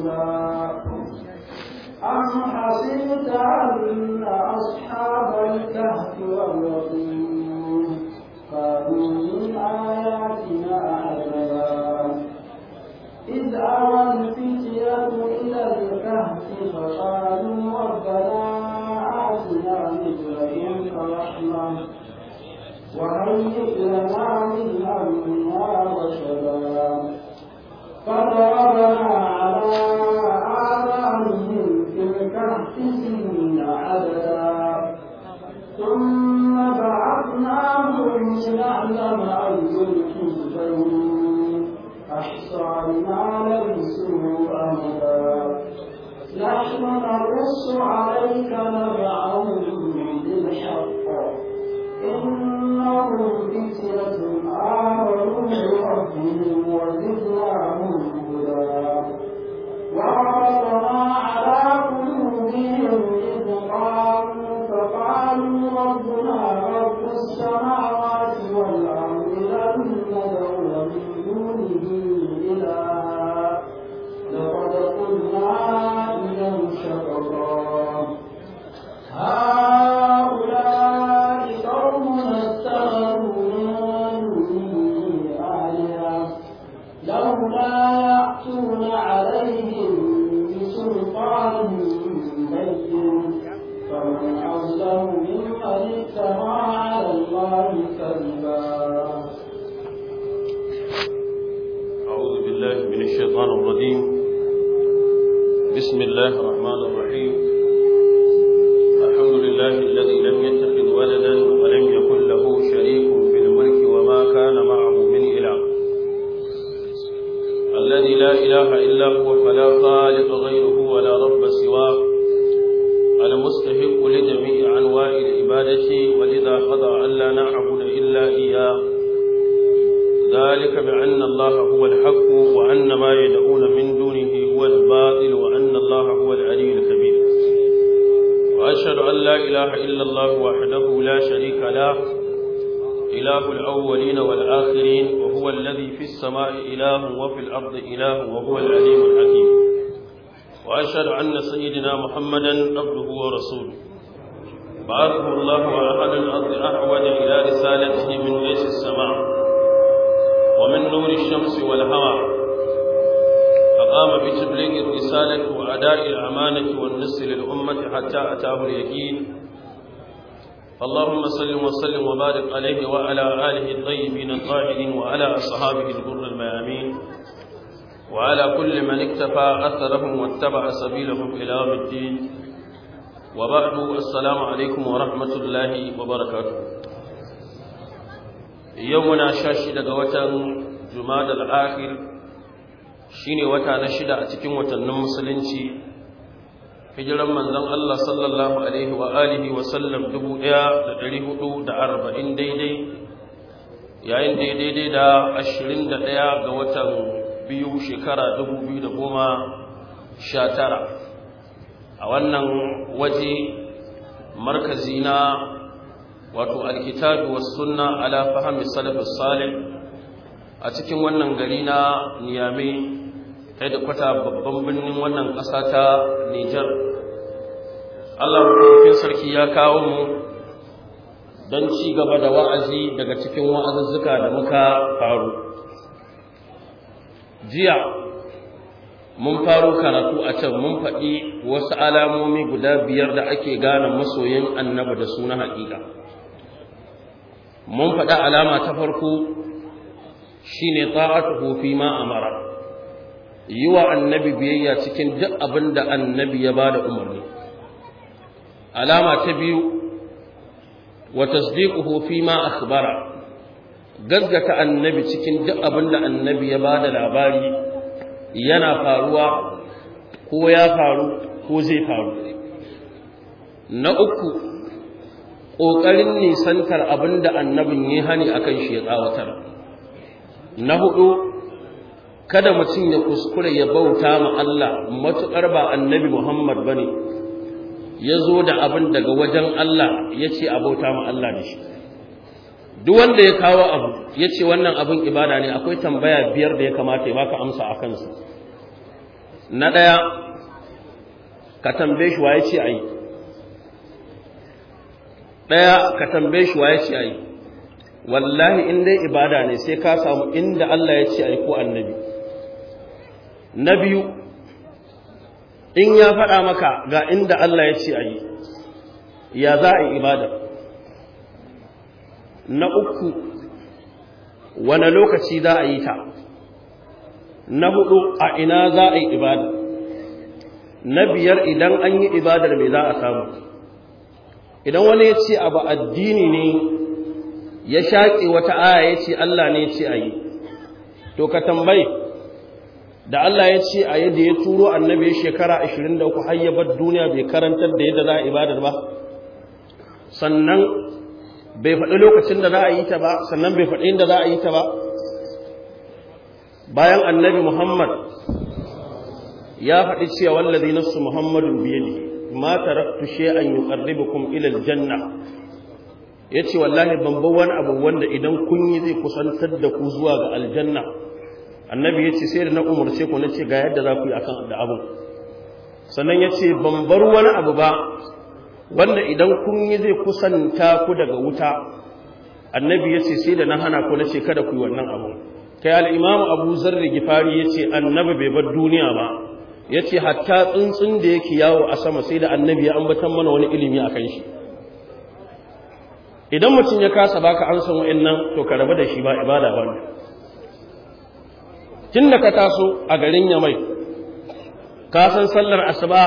الجزاء أم حسبت أن أصحاب الكهف والرقيم كانوا من آياتنا عجبا إذ أوى الفتية إلى الكهف فقالوا ربنا آتنا مثلهم رحمة وهيئ لنا من أمرنا رشدا فضربنا جمع الفلك تجري أحصى نعلم نحن نرص عليك نبع العبادة ولذا قضى أن لا نعبد إلا إياه ذلك بأن الله هو الحق وأن ما يدعون من دونه هو الباطل وأن الله هو العلي الكبير وأشهد أن لا إله إلا الله وحده لا شريك له إله الأولين والآخرين وهو الذي في السماء إله وفي الأرض إله وهو العليم الحكيم وأشهد أن سيدنا محمدا عبده ورسوله بعثه الله أحد الأرض أعود إلى رسالته من ليس السماء ومن نور الشمس والهواء فقام بتبليغ الرسالة وأداء الأمانة والنصر للأمة حتى أتاه اليقين اللهم صل وسلم وبارك عليه وعلى آله الطيبين الطاهرين وعلى أصحابه الغر الميامين وعلى كل من اكتفى أثرهم واتبع سبيلهم إلى الدين wa ba'du assalamu alaikum wa rahmatullahi wa barakatuh yau muna shashi daga watan jumadal akhir shine wata na shida a cikin watannin musulunci hijiran manzon Allah sallallahu alaihi wa alihi wa sallam 1440 daidai yayin da daidai da ɗaya ga watan biyu shekara goma sha tara. a wannan waje markazi na wato alkitabi wa sunna ala fahmi salafus salih a cikin wannan gari na kai da kwata babban birnin wannan ƙasa ta Nijar Allah rubutun sarki ya kawo mu don ci gaba da wa'azi daga cikin wa'azuzzuka da muka faru jiya mun faro karatu a can mun faɗi wasu alamomi guda biyar da ake gane masoyin annaba da suna haƙiƙa mun faɗa alama ta farko shine ta'atuhu fi ma amara yi wa annabi biyayya cikin duk abin da annabi ya ba da umarni alama ta biyu wa tasdiquhu fi ma akhbara gaggata annabi cikin duk abin da annabi ya ba da labari yana faruwa ko ya faru ko zai faru na uku ƙoƙarin nisantar abin da annabin yi hani akan shi ya tsawatar na hudu kada mutum ya kuskure ya bauta ma Allah matuƙar ba annabi Muhammad bane ya zo da abin daga wajen Allah ya ce a bauta ma Allah da shi duk wanda ya kawo abu ya ce wannan abin ibada ne akwai tambaya biyar da ya kamata ya baka amsa a kansu na ɗaya ka tambaye shi waye ce a yi ɗaya ka tambaye shi waye ce a yi wallahi in dai ibada ne sai ka samu inda Allah ya ce a yi ko annabi na biyu in ya faɗa maka ga inda Allah ya ce a yi ya za a yi ibada na uku wane lokaci za a yi ta na hudu a ina za a yi ibada na biyar idan an yi ibadar mai za a samu idan wani ya ce abu addini ne ya shaƙe wata aya ya ce Allah ne ce a yi to ka tambayi da Allah ya ce a yadda ya turo annabi shekara 23 har ya bar duniya bai karantar da yadda za a ibadar ba sannan bai faɗi lokacin da za a yi ta ba sannan bai faɗi inda za a yi ta ba bayan annabi muhammad ya faɗi cewa wallazi nafsu muhammadun biyadi ma taraktu shay'an yuqarribukum ila aljanna yace wallahi ban bar wani abu wanda idan kun yi zai kusantar da ku zuwa ga aljanna annabi yace sai da na umarce ku na ce ga yadda za ku yi akan da abu sannan yace ban bar wani abu ba wanda idan kun yi zai kusanta ku daga wuta annabi ya ce sai da na hana ku na ce kada ku yi wannan abu kai al'imamu abu zarri gifari ya ce annabi bai bar duniya ba ya ce hatta tsuntsun da yake yawo a sama sai da annabi ya ambatan mana wani ilimi a kan shi idan mutum ya kasa baka an san wa'annan to ka rabu da shi ba ibada ba tun da ka taso a garin yamai ka san sallar asuba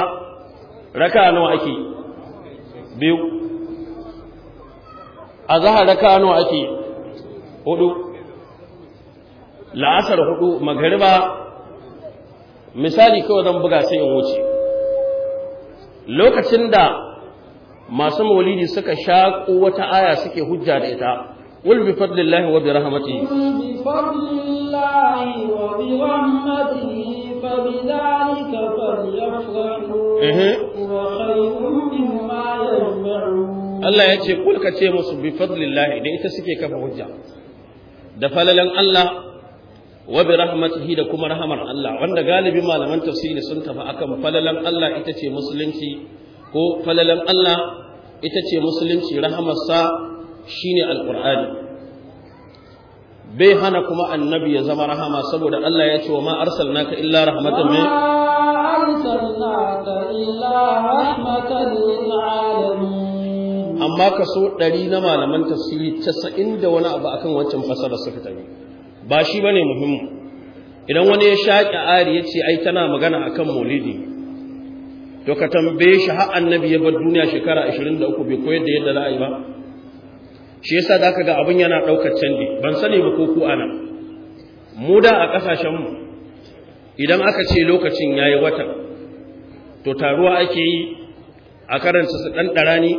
raka nawa ake biyu a zaha da kano ake hudu la'asar hudu magariba misali kawai don buga sai in wuce lokacin da masu maulidi suka sha wata aya suke hujja da ita قل بفضل الله وبرحمته قل فبذلك فليفرحوا وخير مما يجمعون الله يجي قل كتي بفضل الله da ita suke kafa hujja da falalen Allah wa da kuma rahamar Allah wanda galibi malaman tafsiri sun tafi akan falalan Allah ita ce musulunci ko falalan Allah ita ce musulunci rahamarsa shine alqur'ani bai hana kuma annabi ya zama rahama saboda Allah ya ce wa ma arsalnaka illa rahmatan alamin amma kaso ɗari na malaman tafsiri casa'in da wani abu akan wancan fasara suka tafi ba shi bane muhimmi idan wani ya shaƙi ari ya ce ai tana magana akan maulidi to ka tambaye shi har annabi ya bar duniya shekara 23 bai koyar da yadda za yi ba shi yasa za ka ga abin yana ɗaukar canji ban sani ba ko ku ana mu da a ƙasashenmu idan aka ce lokacin ya yi watan to taruwa ake yi a karanta su ɗan ɗarani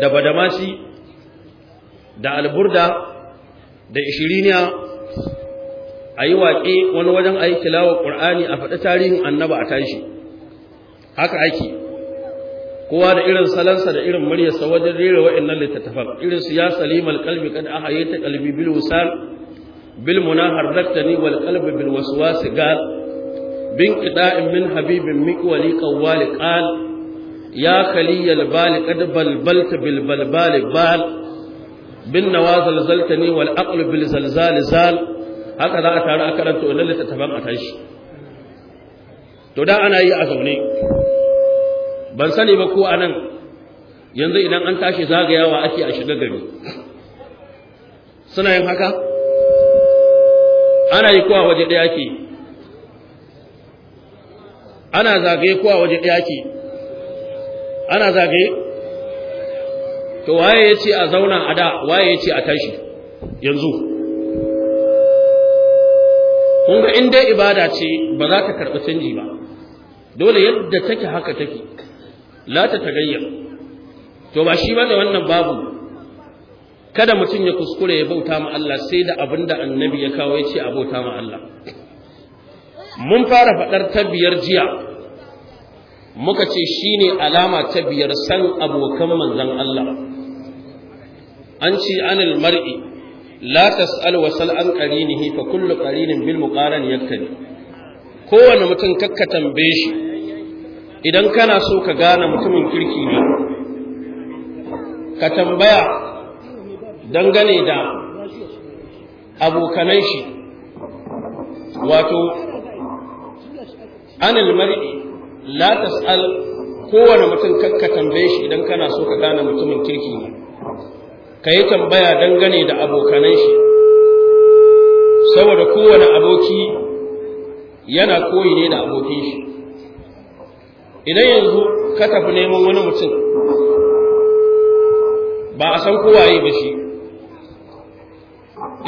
da badamasi da alburda da ishiriniya a yi waƙe wani wajen a yi tilawa ƙur'ani a faɗi tarihin annaba a tashi haka ake kowa da irin salansa da irin muryarsa wajen rera wa'annan littattafan irin su ya salimal qalbi kad ahayta qalbi bil wisal bil munahar daktani wal qalbi bil waswas gal bin qida'in min habibin miqwali qawwal qal ya kaliyal bal kad balbalta bil balbal bal bin nawazal zaltani wal aql bil zalzal zal haka za a taru a karanta wannan littattafan a tashi to da ana yi a zaune ban sani ba ko anan yanzu idan an tashi zagayawa ake a shiga gari suna yin haka ana yi kowa waje ɗaya ke ana zagaye kowa waje ɗaya ke ana zagaye to waye ya ce a zauna a da waye ya ce a tashi yanzu kun ga in dai ibada ce ba za ta karɓi canji ba dole yadda take haka take la ta to ba shi bane wannan babu kada mutum ya kuskure ya bauta ma Allah sai da abin da annabi ya kawo ya ce a bauta ma Allah mun fara faɗar ta biyar jiya muka ce shine alama ta biyar san abokan manzon Allah an ci anil mar'i la tas'al wa sal an qarinihi fa kullu qarinin bil muqaran yaktani kowane mutum kakka tambaye shi idan kana so ka gane mutumin kirki ne ka tambaya dangane da abokanan shi wato anil mar'i la tas'al kowane mutum ka tambaye shi idan kana so ka gane mutumin kirki ne ka yi tambaya dangane da abokanan shi saboda kowane aboki yana koyi ne da abokin shi idan yanzu ka tafi neman wani mutum ba a san kowaye ba shi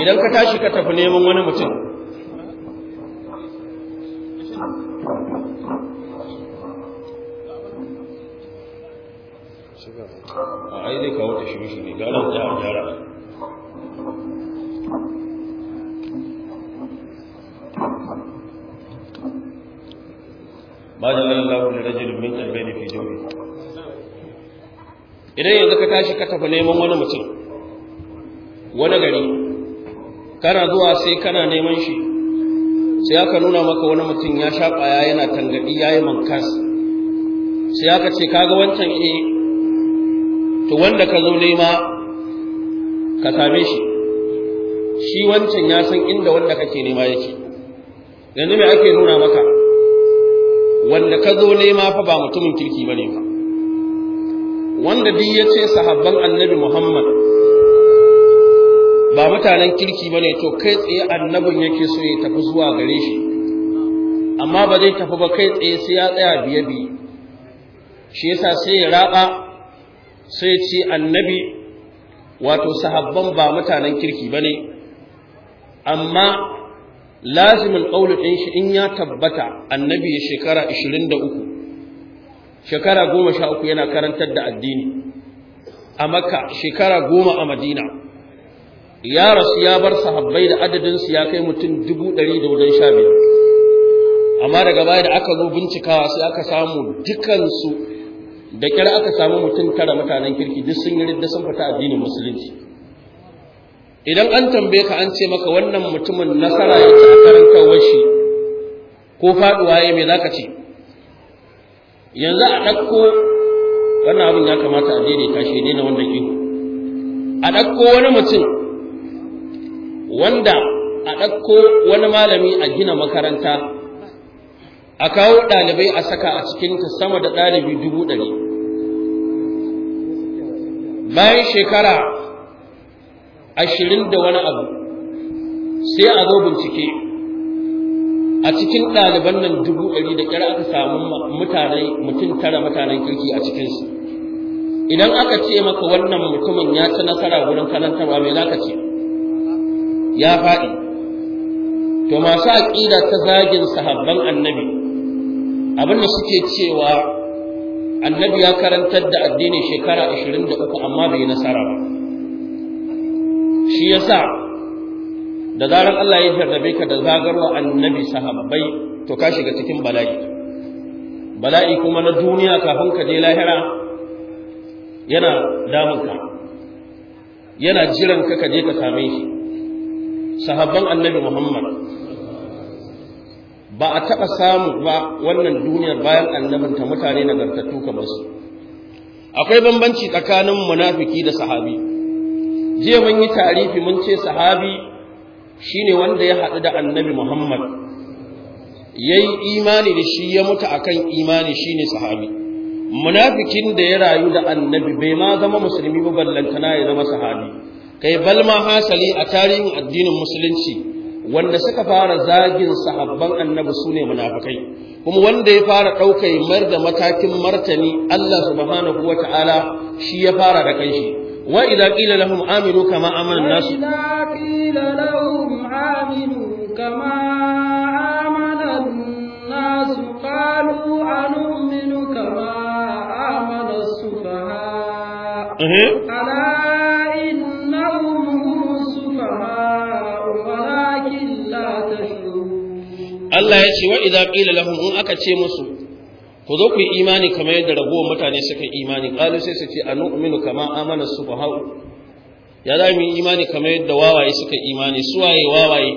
idan ka tashi ka tafi neman wani mutum a aile ka wata shi ne galan ta a gyara ma jalala Allahu li rajulin min qalbayni fi jawfi idan yanzu ka tashi ka tafi neman wani mutum wani gari kana zuwa sai kana neman shi sai aka nuna maka wani mutum ya sha ƙwaya yana tangaɗi ya yi mankas sai aka ce kaga wancan e to wanda ka zo nema ka same shi shi wancan ya san inda wanda kake nema yake yanzu me ake nuna maka wanda ka zo nema fa ba mutumin kirki bane ba wanda duk ya ce sahabban annabi Muhammad ba mutanen kirki bane to kai tsaye annabin yake so ya tafi zuwa gare shi amma ba zai tafi ba kai tsaye sai ya tsaya biye biye shi yasa sai ya raba sai ce annabi wato sahabban ba mutanen kirki ba ne amma lazimin ƙaunar ɗin shi in ya tabbata annabi ya shekara 23 shekara 13 yana karantar da addini a makka shekara 10 a madina ya rasu ya bar sahabbai da su ya kai mutum 115 amma daga baya da aka zo bincikawa sai aka samu dukansu da kyar aka samu mutum tara mutanen kirki duk sun yi ridda sun fita addinin musulunci idan an tambaye ka an ce maka wannan mutumin nasara ce a karan kawashi ko faduwa ya mai zaka ce yanzu a ɗakko wannan abin ya kamata a daidaita shi na wanda ihu a ɗakko wani mutum wanda a ɗakko wani malami a gina makaranta a kawo ɗalibai a saka a cikinta sama da ɗalibi dubu ɗari bayan shekara ashirin da wani abu sai a zo bincike a cikin ɗaliban nan dubu ɗari da ƙyar aka samu mutane mutum tara mutanen kirki a cikinsu idan aka ce maka wannan mutumin ya ci nasara wurin karantarwa mai za ka ce ya faɗi to masu aƙida ta zagin sahabban annabi abinda suke cewa annabi ya karantar da addini shekara 23 amma bai nasara ba shi yasa da zarar Allah ya jarrabe ka da zagarwa annabi sahabbai to ka shiga cikin bala'i bala'i kuma na duniya kafin ka je lahira yana damunka yana jiran ka je ka same shi sahabban annabi Muhammad ba a taɓa samu ba wannan duniyar bayan annabinta mutane nagartattu kamar su akwai bambanci tsakanin munafiki da sahabi jiya mun yi tarifi mun ce sahabi shine wanda ya haɗu da annabi Muhammad yayi imani da shi ya mutu akan imani shine sahabi munafikin da ya rayu da annabi bai ma zama musulmi ba ballantana ya zama sahabi kai balma hasali a tarihin addinin musulunci wanda suka fara zagin sahabban annabi sune munafikai kuma wanda ya fara ɗaukai mar da matakin martani Allah subhanahu wataala shi ya fara da kanshi wa idza qila lahum amilu kama amana an-nas wa idza qila lahum amilu kama amana an-nas qalu anu'minu kama amana as-sufaha ala innahum hum sufaha walakin la tashurun Allah ya ce qila in aka ce musu ku zo ku yi imani kamar yadda ragowar mutane suka yi imani ƙalu sai su ce a nu'minu kama amana su ba hau ya za mu yi imani kamar yadda wawaye suka yi imani suwaye wawaye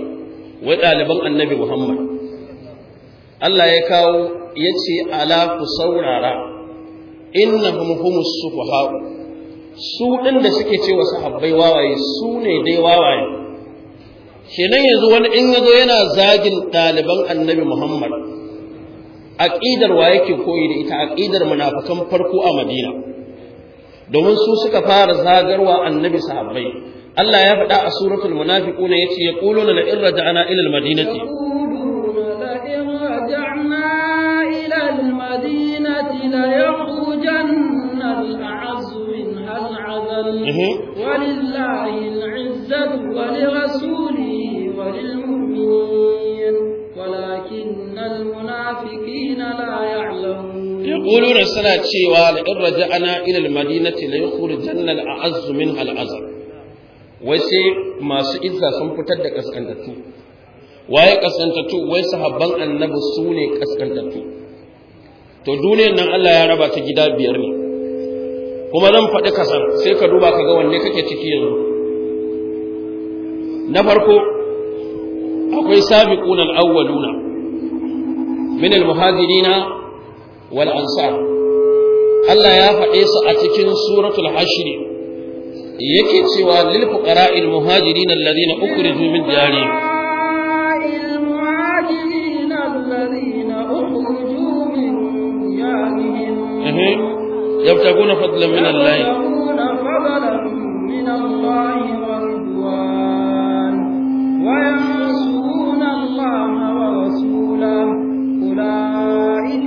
wai ɗaliban annabi muhammad allah ya kawo ya ce ala ku saurara inna humuhumus su ba hau su ɗin da suke ce wasu habbai wawaye su ne dai wawaye kenan yanzu wani in ya zo yana zagin ɗaliban annabi muhammad aqidar wa yake koyi da ita aqidar munafikan farko a Madina domin su suka fara zagarwa annabi sahabbai Allah ya faɗa a suratul munafiquna yace yaquluna la in raja'na ila al-madinati ولله العزة ولرسوله وللمؤمنين ولكن المنافقين لا يعلمون يقولون سنة cewa لئن رجعنا إلى المدينة ليخرجن الأعز منها الأذل wai sai masu izza sun fitar da kaskantattu waye kaskantattu wai sahabban annabi sune ne kaskantattu to duniyar nan Allah ya raba ta gida biyar ne kuma zan faɗi kasa sai ka duba ka ga wanne kake ciki yanzu na farko akwai sabiƙunan al-awwaluna min al-muhajirina wal ansar Allah ya faɗe su a cikin suratul hashr yake cewa lil fuqara'il muhajirin alladhina ukhriju min diyarihim يبتغون فضلا من الله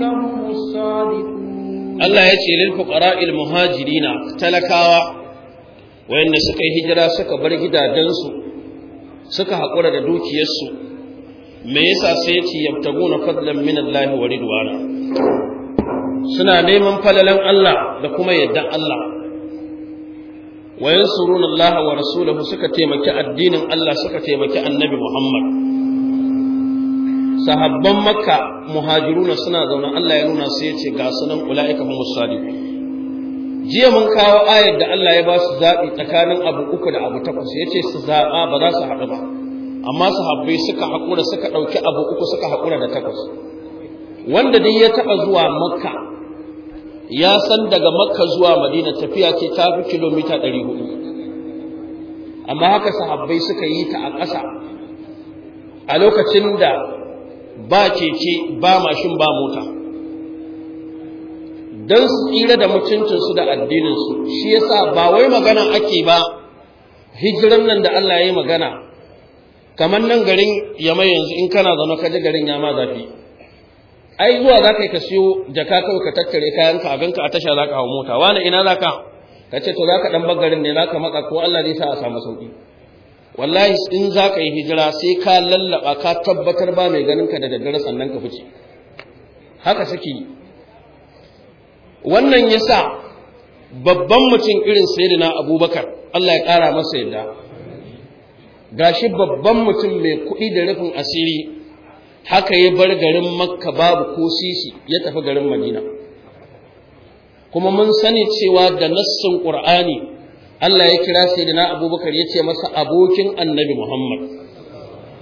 Allah ya ce lil fuqara'il muhajirina talakawa wayanda suka yi hijira suka bar gidajensu suka haƙura da dukiyarsu me yasa sai ce yabtaguna fadlan min Allah wa ridwana suna neman falalan Allah da kuma yaddan Allah wa Allah wa rasulahu suka taimaki addinin Allah suka taimaki annabi Muhammad sahabban makka muhajiruna suna zaune Allah ya nuna su ya ce ga sunan ula'ika hum musali jiya mun kawo ayar da Allah ya ba su zaɓi tsakanin abu uku da abu takwas ya ce su zaba ba za su haɗu ba amma sahabbai suka haƙura suka ɗauki abu uku suka haƙura da takwas wanda dai ya taɓa zuwa makka ya san daga makka zuwa madina tafiya ce ta fi kilomita ɗari hudu amma haka sahabbai suka yi ta a ƙasa a lokacin da ba cece ba mashin ba mota don su tsira da mutuncinsu da addininsu shi yasa ba wai magana ake ba hijiran nan da Allah ya yi magana kamar nan garin yama yanzu in kana zama kaji ji garin yama zafi ai zuwa za ka yi ka siyo jaka kawai ka tattare kayanka a ganka a tasha za ka hau mota wani ina za ka ka ce to za ka ɗan garin ne za ka matsa ko Allah zai sa a samu sauƙi wallahi in za ka yi hijira sai ka lallaba ka tabbatar ba mai ganin ka da daddare sannan ka fice haka suke yi wannan ya sa babban mutum irin sayyidina abubakar allah ya ƙara masa yadda gashi babban mutum mai kuɗi da rufin asiri haka ya bar garin makka babu ko sisi ya tafi garin madina kuma mun sani cewa da nassin ƙur'ani Allah ya kira sayyidina Abubakar ya ce masa abokin Annabi Muhammad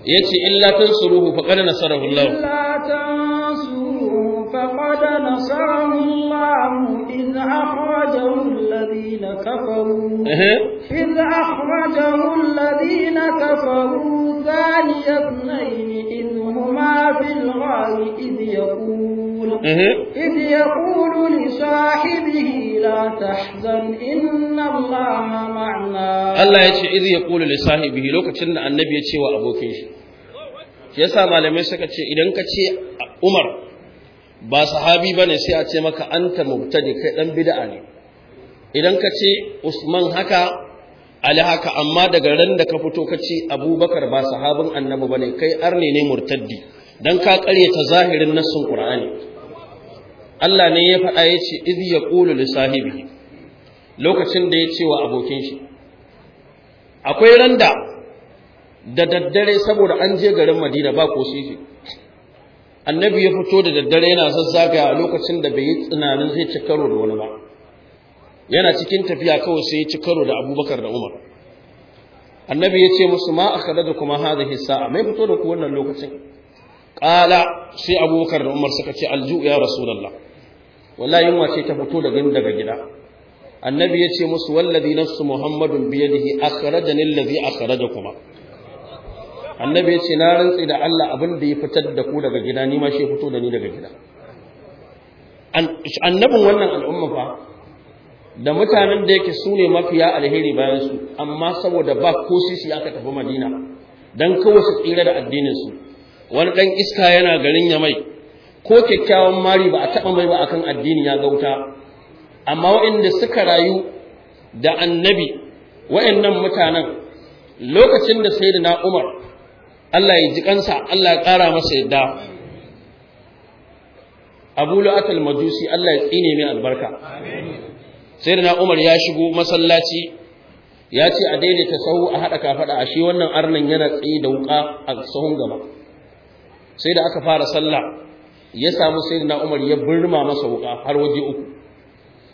ya ce in illa tansuruhu faqad nasarahu Allah illa tansuruhu faqad nasarahu Allah in akhrajahu alladhina kafaru in akhrajahu alladhina kafaru thaniyatnayn in huma fil ghari id yaqul ni yaqulu li sahibihi Allah ce تحزن ya ya معنا الله lokacin da Annabi ya ce wa abokin shi ya yasa malamai suka ce idan ka ce Umar ba sahabi ba ne sai a ce maka anta ne kai ɗan bida'a ne idan ka ce Usman haka Ali haka amma daga ran da ka fito ka ce Abubakar ba sahabin Annabi ne, kai arne ne murtaddi Don ka karyata zahirin nassin Qur'ani Allah ne ya faɗa ya ce iz ya ƙulu li sahibi lokacin da ya ce wa abokin shi akwai randa da daddare saboda an je garin Madina ba ko shi annabi ya fito da daddare yana zazzafi a lokacin da bai yi tunanin zai ci karo da wani ba yana cikin tafiya kawai sai ya ci karo da abubakar da umar annabi ya ce musu ma a da kuma hadhihi sa'a mai fito da ku wannan lokacin ƙala sai abubakar da umar suka ce alju'u ya rasulallah wallahi yunwa ce ta fito daga daga gida annabi ya ce musu wallazi nafsu muhammadun yadihi akhrajani allazi akhrajakum annabi ya ce na rantsi da Allah abin da ya fitar da ku daga gida ni ma shi fito da ni daga gida annabin wannan al'umma fa da mutanen da yake su ne mafiya alheri bayan su amma saboda ba ko sisi aka tafi madina dan kawai su tsira da addinin su wani dan iska yana garin yamai ko kyakkyawan mari ba a taɓa mai ba akan addini ya gauta amma waɗanda suka rayu da annabi waɗannan mutanen lokacin da sai na umar Allah ya ji kansa Allah ya ƙara masa yadda abu lu'atul majusi Allah ya tsine mai albarka sai na umar ya shigo masallaci ya ce a daidaita sahu a haɗa kafaɗa a shi wannan arnan yana tsaye da wuƙa a sahun gaba sai da aka fara sallah ya samu sayyidina Umar ya birma masa wuka har waje uku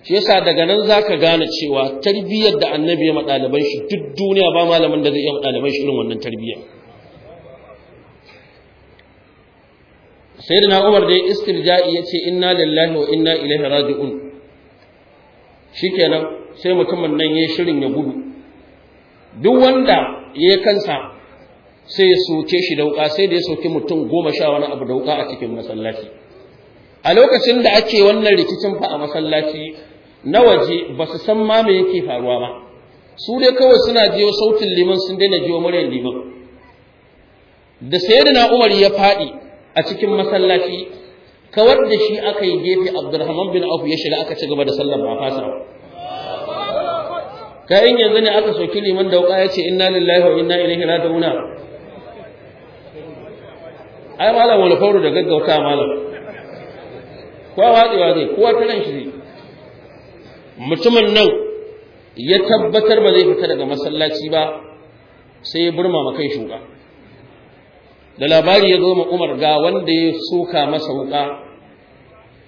shi yasa daga nan zaka gane cewa tarbiyyar da annabi ya madaliban shi duk duniya ba malamin da zai iya madaliban shi irin wannan tarbiyya sayyidina Umar dai istirja'i yace inna lillahi wa inna ilaihi raji'un shikenan sai mutumin nan yayi shirin ya gudu duk wanda yayi kansa sai ya soke shi da wuka sai da ya soke mutum goma sha wani abu da wuka a cikin masallaci a lokacin da ake wannan rikicin fa a masallaci na waje ba su san ma me yake faruwa ba su dai kawai suna jiyo sautin liman sun daina jiyo muryar liman da sayyidina Umar ya fadi a cikin masallaci kawar da shi aka yi gefe Abdulrahman bin Auf ya shiga aka ci gaba da sallar ba kayan yanzu ne aka soki liman da wuka ya ce inna lillahi wa inna da raji'un ai malam wani fauru da gaggauta malam kowa watsewa zai kowa ta shi zai mutumin nan ya tabbatar ba zai fita daga masallaci ba sai ya burma makai shuka da labari ya zo ma Umar ga wanda ya soka masa wuka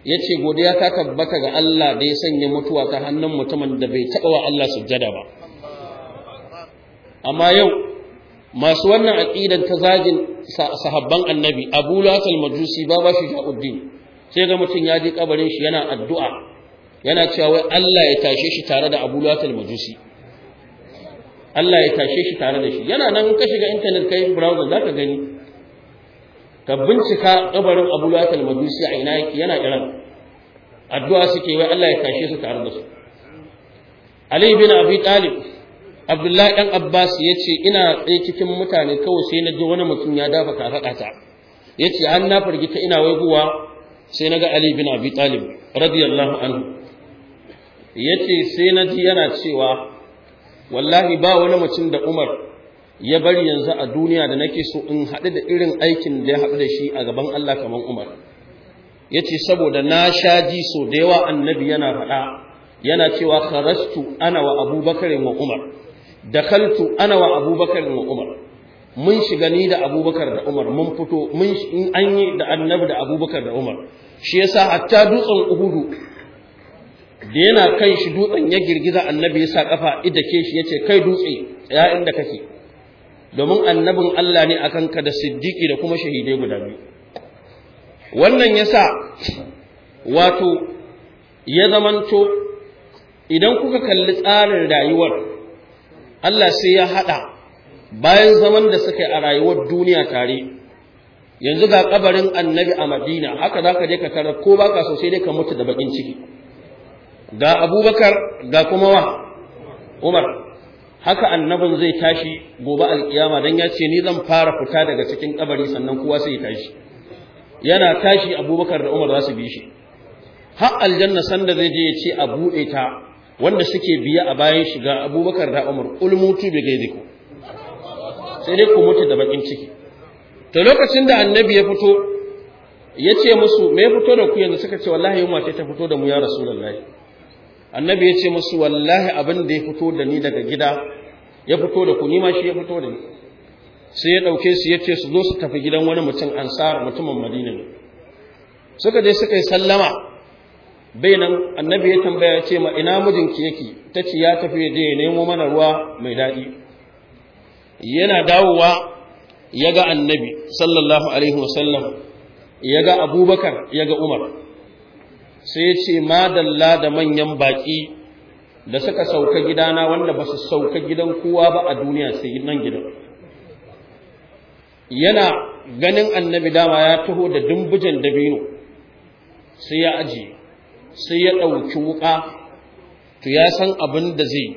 ya ce godiya ta tabbata ga Allah da ya sanya mutuwa ta hannun mutumin da bai taɓa wa Allah sujjada ba amma yau masu wannan aƙidan ta zagin sahabban annabi abu latal majusi ba ba shi sha'uddin sai ga mutum ya je kabarin shi yana addu'a yana cewa wai Allah ya tashe shi tare da abu latal majusi Allah ya tashe shi tare da shi yana nan ka shiga intanet kai browser zaka gani ka bincika kabarin abu latal majusi a ina yake yana iran addu'a suke wai Allah ya tashe su tare da su Ali bin Abi Talib abdullahi ɗan abbas ya ce ina tsaye cikin mutane kawai sai na ji wani mutum ya dafa kafaɗata ya ce an na firgita ina waiguwa sai na ga ali bin abi talib radiyallahu anhu ya ce sai na ji yana cewa wallahi ba wani mutum da umar ya bari yanzu a duniya da nake so in haɗu da irin aikin da ya haɗu da shi a gaban allah kamar umar ya ce saboda na sha ji so da yawa annabi yana faɗa yana cewa kharastu ana wa abubakar wa umar dakaltu ana wa abubakar wa umar mun shiga ni da abubakar da umar mun fito in an yi da annabi da abubakar da umar shi yasa hatta dutsen uhudu da yana kan shi dutsen ya girgiza annabi ya sa kafa ke shi yace kai dutse ya inda kake domin annabin Allah ne akan ka da Siddiki da kuma shahidai guda biyu wannan yasa wato ya zamanto idan kuka kalli tsarin rayuwar Allah sai ya haɗa bayan zaman da suka yi a rayuwar duniya tare yanzu ga kabarin annabi a madina haka za ka je ka tarar ko ba ka so sai dai ka mutu da bakin ciki ga abubakar ga kuma wa umar haka annabin zai tashi gobe alkiyama don ya ce ni zan fara fita daga cikin kabari sannan kowa sai tashi yana tashi abubakar da umar za su bi shi har aljanna sanda zai je ya ce a buɗe ta wanda suke biya a bayan shiga abubakar da umar ulmutu bi ku. sai dai ku mutu da bakin ciki to lokacin da annabi ya fito ya ce musu me fito da ku yanzu suka ce wallahi yunwa ce ta fito da mu ya rasulullahi annabi ya ce musu wallahi abin da ya fito da ni daga gida ya fito da ku ni ma shi ya fito da ni sai ya dauke su ya ce su zo su tafi gidan wani mutum ansar mutumin madina ne suka je suka yi sallama bai nan annabi ya tambaya ce ma ina mijinki yake ta ce ya tafi ya je ya nemo mana ruwa mai daɗi yana dawowa ya ga annabi sallallahu alaihi wasallam ya ga abubakar ya ga umar sai ya ce madalla da manyan baƙi da suka sauka gidana wanda ba su sauka gidan kowa ba a duniya sai nan gidan yana ganin annabi dama ya taho da dumbujen dabino sai ya ajiye sai ya ɗauki wuƙa to ya san abin da zai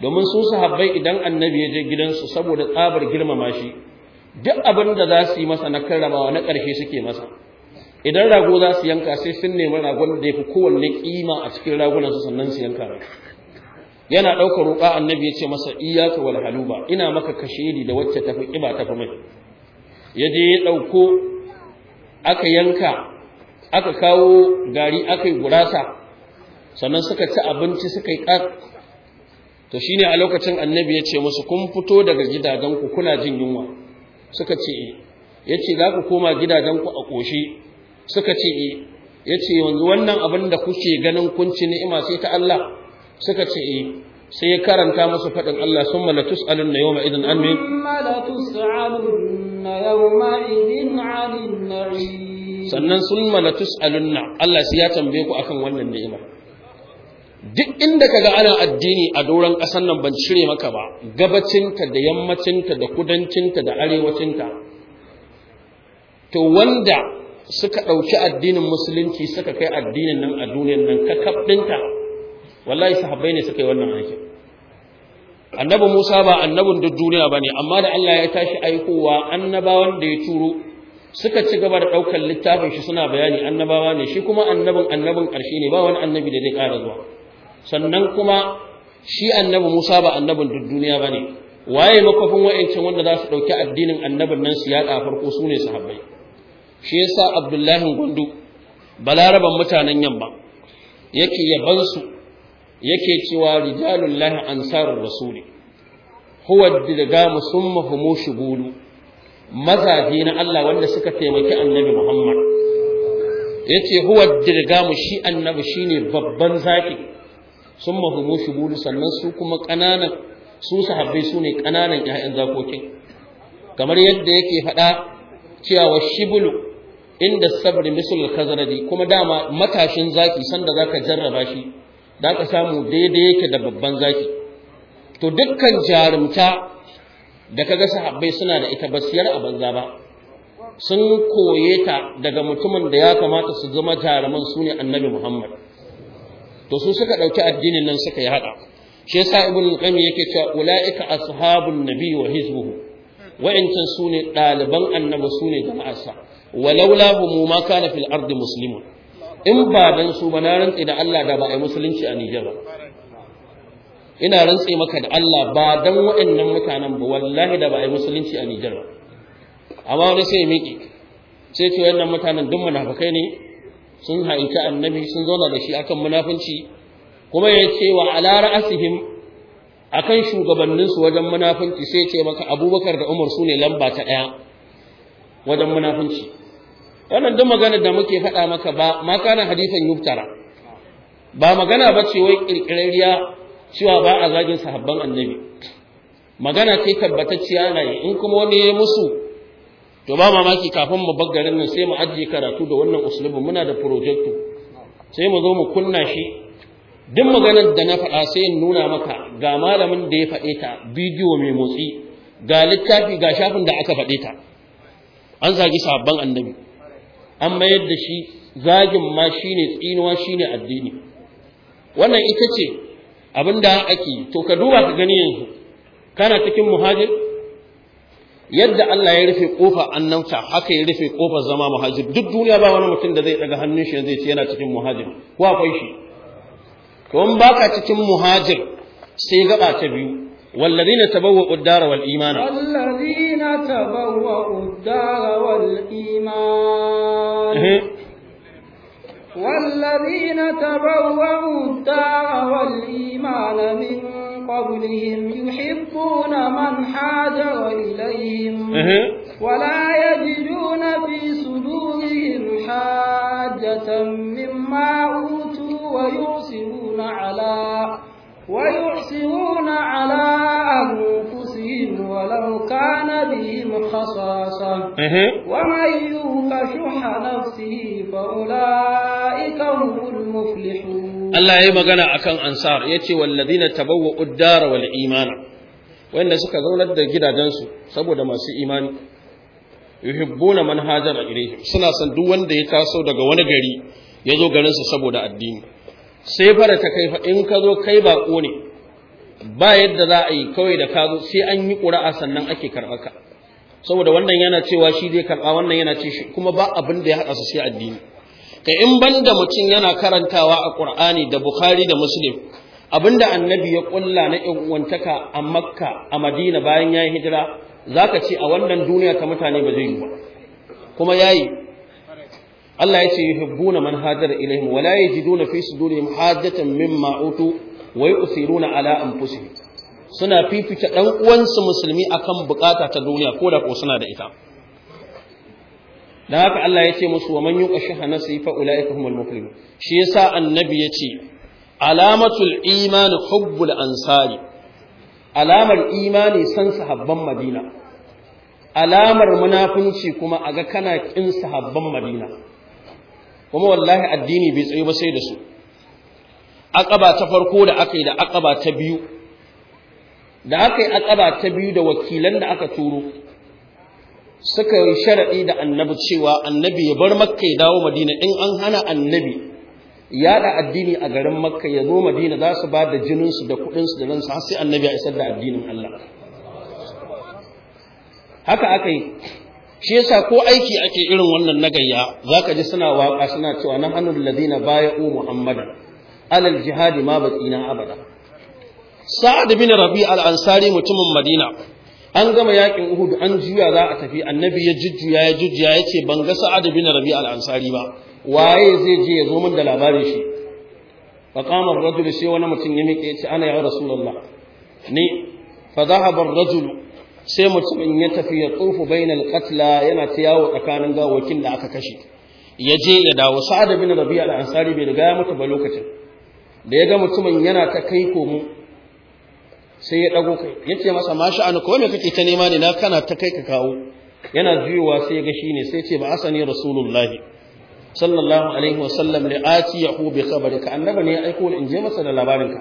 domin su sahabbai idan annabi ya je gidansu saboda tsabar girmama shi duk abin da za su yi masa na karrama na ƙarshe suke masa idan rago za su yanka sai sun nemi ragon da ya fi kowanne ƙima a cikin su sannan su yanka yana ɗaukar roƙa annabi ya ce masa iyaka wal haluba ina maka ni da wacce tafi ƙiba tafi mai ya je ya ɗauko aka yanka aka kawo gari aka yi gurasa sannan suka ci abinci suka yi ƙar to shine a lokacin annabi ya ce musu kun fito daga gidajenku kuna jin yunwa suka ce eh. ya ce za ku koma gidajenku a ƙoshi suka ce eh. ya ce yanzu wannan abin da kuke ganin kun ci ni'ima sai ta Allah suka ce eh. sai ya karanta musu faɗin Allah sun malatus alun na ma idan an min na sannan sun mana tus'alunna Allah sai ya tambaye ku akan wannan ni'ima duk inda ka ga ana addini a doron ƙasar nan ban cire maka ba gabacinta da yammacinta da kudancinta da arewacinta to wanda suka ɗauki addinin musulunci suka kai addinin nan a duniyan nan ka kaɗinta wallahi sahabbai ne suka yi wannan aikin annabi musa ba annabin duk duniya ba ne amma da allah ya tashi aikowa annabawan da ya turo suka ci gaba da ɗaukar littafin shi suna bayani annabawa ne shi kuma annabin annabin ƙarshe ne ba wani annabi da zai ƙara zuwa sannan kuma shi annabi Musa ba annabin duk duniya ba ne waye makofin wa'ancin wanda za su ɗauki addinin annabin nan su yaɗa farko su ne sahabbai shi yasa Abdullahi Gundu balaraban mutanen yamma yake yaban su yake cewa rijalullahi ansarur rasuli huwa digamu summa humu mazaje na Allah wanda suka taimaki annabi Muhammad yace huwa dirgamu shi annabi shine babban zaki sun mahumu shubulu sannan su kuma ƙananan su sahabbai su ne ƙananan ƴaƴan zakokin kamar yadda yake faɗa cewa shibulu inda sabri misul kazaradi kuma dama matashin zaki sanda zaka jarraba shi zaka samu daidai yake da babban zaki to dukkan jarumta da ka ga sahabbai suna da ita basiyar a banza ba sun koye ta daga mutumin da ya kamata su zama jaruman su ne annabi Muhammad to su suka ɗauki addinin nan suka yi haɗa shi yasa ibn qayyim yake cewa ulaika ashabun nabi wa hizbuhu wa'ancan su ne ɗaliban annabi su ne jama'arsa walaula hum ma kana fil ardi muslimun in ba su ba na rantsi da Allah da ba a yi musulunci a Nijar ba ina rantse maka da Allah ba dan waɗannan mutanen ba wallahi da ba ai musulunci a Nijar ba amma wani sai miki sai ce waɗannan mutanen duk munafikai ne sun haika annabi sun zauna da shi akan munafunci kuma ya ce wa ala ra'asihim akan shugabannin su wajen munafunci sai ce maka Abubakar da Umar sune lamba ta daya wajen munafunci wannan duk magana da muke faɗa maka ba ma kana hadisan yuftara ba magana ba ce wai kirkirariya cewa ba a zagin sahabban annabi magana ce tabbatacciya na yi in kuma wani ya musu to ba mamaki kafin mu garin nan sai mu ajiye karatu da wannan usulubin muna da projecto sai mu zo mu kunna shi duk maganar da na faɗa sai in nuna maka ga malamin da ya faɗe ta bidiyo mai motsi ga littafi ga shafin da aka faɗe ta an zagi sahabban annabi an mayar da shi zagin ma shine tsinuwa shine addini wannan ita ce abin da ake yi to ka duba ka gani yanzu kana cikin muhajir yadda Allah ya rufe kofa annabta haka ya rufe kofar zama muhajir duk duniya ba wani mutum da zai daga hannun shi zai ce yana cikin muhajir ko akwai shi to in baka cikin muhajir sai gaba ta biyu والذين تبوأوا الدار والإيمان والذين تبوأوا الدار والإيمان والذين تبوأوا الدار والإيمان فعل من قبلهم يحبون من حاجر إليهم ولا يجدون في صدورهم حاجة مما أوتوا ويعصرون على ويعصرون على أنفسهم ولو كان بهم خصاصة ومن يوق شح نفسه فأولئك هم المفلحون Allah ya yi magana a kan ansar ya ce wallazina tabawwa uddara wal imana wanda suka zaunar da gidajensu saboda masu imani yuhibbuna man hajara ilaihim suna son duk wanda ya taso daga wani gari ya zo garinsu saboda addini sai fara ta kai fa in ka zo kai ba ne ba yadda za a yi kawai da ka zo sai an yi ƙura'a sannan ake karɓar ka saboda wannan yana cewa shi zai karɓa wannan yana ce kuma ba abin da ya haɗa su sai addini ka in banda mutum yana karantawa a Qur'ani da Bukhari da Muslim abinda annabi ya kulla na uwantaka a Makka a Madina bayan yi hijira zaka ce a wannan duniya ta mutane ba zai yi ba kuma yayi Allah ya ce yuhibbuna man hajara ilaihim ya ji yajiduna fi sudurihim hajatan mimma utu wa yu'thiruna ala anfusihim suna fifita dan uwansu musulmi akan bukata ta duniya ko da ko suna da ita dan haka Allah ya ce musu wa man yuqashu hanasi fa ulaika humul muflihun shi yasa annabi ya ce alamatul iman hubbul ansari alamar imani san sahabban madina alamar munafunci kuma aga kana kin sahabban madina kuma wallahi addini bai tsaye ba sai da su aqaba ta farko da aka yi da aqaba ta biyu da aka yi aqaba ta biyu da wakilan da aka turo suka yi sharaɗi da annabi cewa annabi ya bar makka ya dawo madina in an hana annabi yaɗa addini a garin makka ya zo madina za su ba da jininsu da kuɗinsu da ransu har sai annabi ya isar da addinin allah haka aka yi shi yasa ko aiki ake irin wannan nagayya za ka ji suna waƙa suna cewa na hannun ladina baya u muhammadan alal jihadi ma baƙina abada sa'ad bin rabi al ansari mutumin madina an gama yakin Uhud an juya za a tafi annabi ya jujjuya ya jujjuya ya ce ban ga Sa'ad bin Rabi al-Ansari ba waye zai je ya zo min da labarin shi fa qama ar-rajul sai wani mutum ya miƙe ce ana ya rasulullah ni fa dhahaba ar-rajul sai mutumin ya tafi ya tsufu bainal qatla yana ta yawo tsakanin gawakin da aka kashe ya je ya dawo Sa'ad bin Rabi al-Ansari bai riga ya mutu ba lokacin da ya ga mutumin yana ta kai komo sai ya dago kai yace masa ma sha'anu ko me kake ta nema ne na kana ta kai ka kawo yana juyowa sai ya ga shine sai ce ba asani rasulullah sallallahu alaihi wa sallam li yahu bi khabarika annabi ne ya aiko in je masa da labarin ka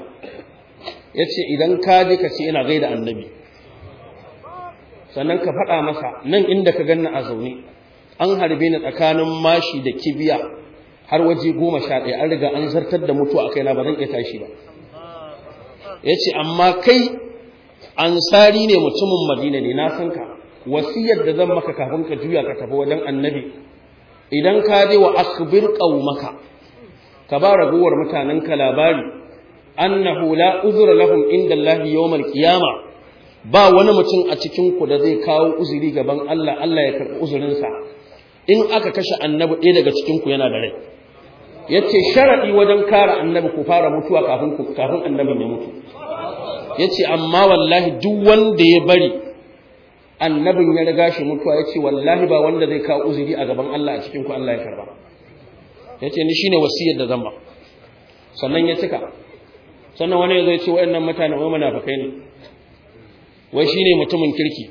yace idan ka je ka ce ina gaida annabi sannan ka faɗa masa nan inda ka ganna a zaune an harbe ni tsakanin mashi da kibiya har waje goma sha ɗaya an riga an zartar da mutuwa a kaina ba zan iya tashi ba Ya ce, amma kai ansari ne mutumin madina ne na san ka wasiyar da zan maka kafin ka juya ka tafi wajen annabi idan ka je wa akhbir qaumaka ka ba raguwar mutanen ka labari annahu la uzra lahum inda Allah yawmal qiyama ba wani mutum a cikinku da zai kawo uzuri gaban Allah Allah ya karɓi uzurinsa in aka kashe annabi ɗaya daga cikinku yana da rai Ya ce sharaɗi wajen kare annabi ku fara mutuwa kafin ku kafin annabin ya mutu ce amma wallahi duk wanda ya bari annabin ya riga shi mutuwa ya ce wallahi ba wanda zai kawo uzuri a gaban Allah a cikin ku Allah ya karba ce ni shine wasiyar da zamba. sannan ya cika sannan wani zai ce wayannan mutane wai munafikai ne wai shine mutumin kirki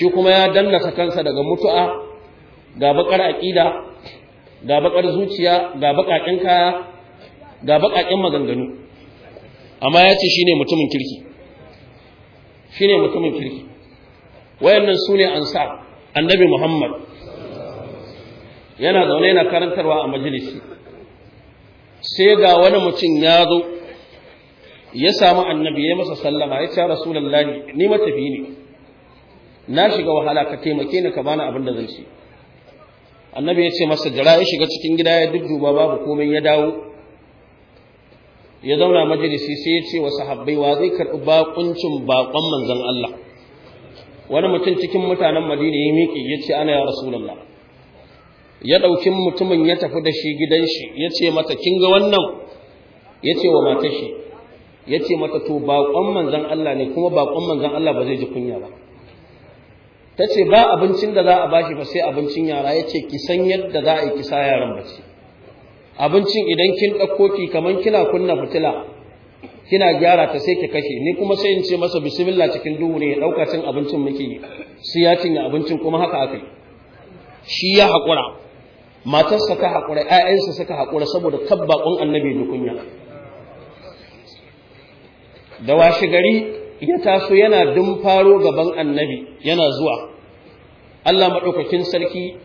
shi kuma ya danna kansa daga mutu'a ga bakar aqida ga bakar zuciya ga bakakin kaya ga bakakin maganganu amma ya ce shine mutumin kirki shine mutumin kirki wayannan sune ansa annabi muhammad yana zaune yana karantarwa a majalisi sai ga wani mutum ya zo ya samu annabi ya masa sallama ya ce rasulullahi ni matafi ne na shiga wahala ka taimake ni ka bani abin da zan ci annabi ya ce masa jira ya shiga cikin gida ya dudduba babu komai ya dawo ya zauna majalisi sai ya ce wa sahabbai wa zai karɓi bakuncin bakon manzon Allah wani mutum cikin mutanen Madina ya miƙe ya ce ana ya rasulullah ya ɗauki mutumin ya tafi da shi gidan shi ya ce mata kin ga wannan ya ce wa matar ya ce mata to bakon manzon Allah ne kuma bakon manzon Allah ba zai ji kunya ba ta ce ba abincin da za a bashi ba sai abincin yara ya ce ki san yadda za a yi kisa yaran ba ce abincin idan kin ɗauko ki kamar kina kunna fitila kina gyara ta sai ki kashe ni kuma sai in ce masa bismillah cikin duhu ne ya ɗauka cin abincin muke su ya cinye abincin kuma haka aka yi shi ya haƙura matarsa ta haƙura ‘ya'yansa suka haƙura saboda tabbaƙon annabi dukunya da washe gari ya taso yana faro gaban annabi yana zuwa Allah madaukakin sarki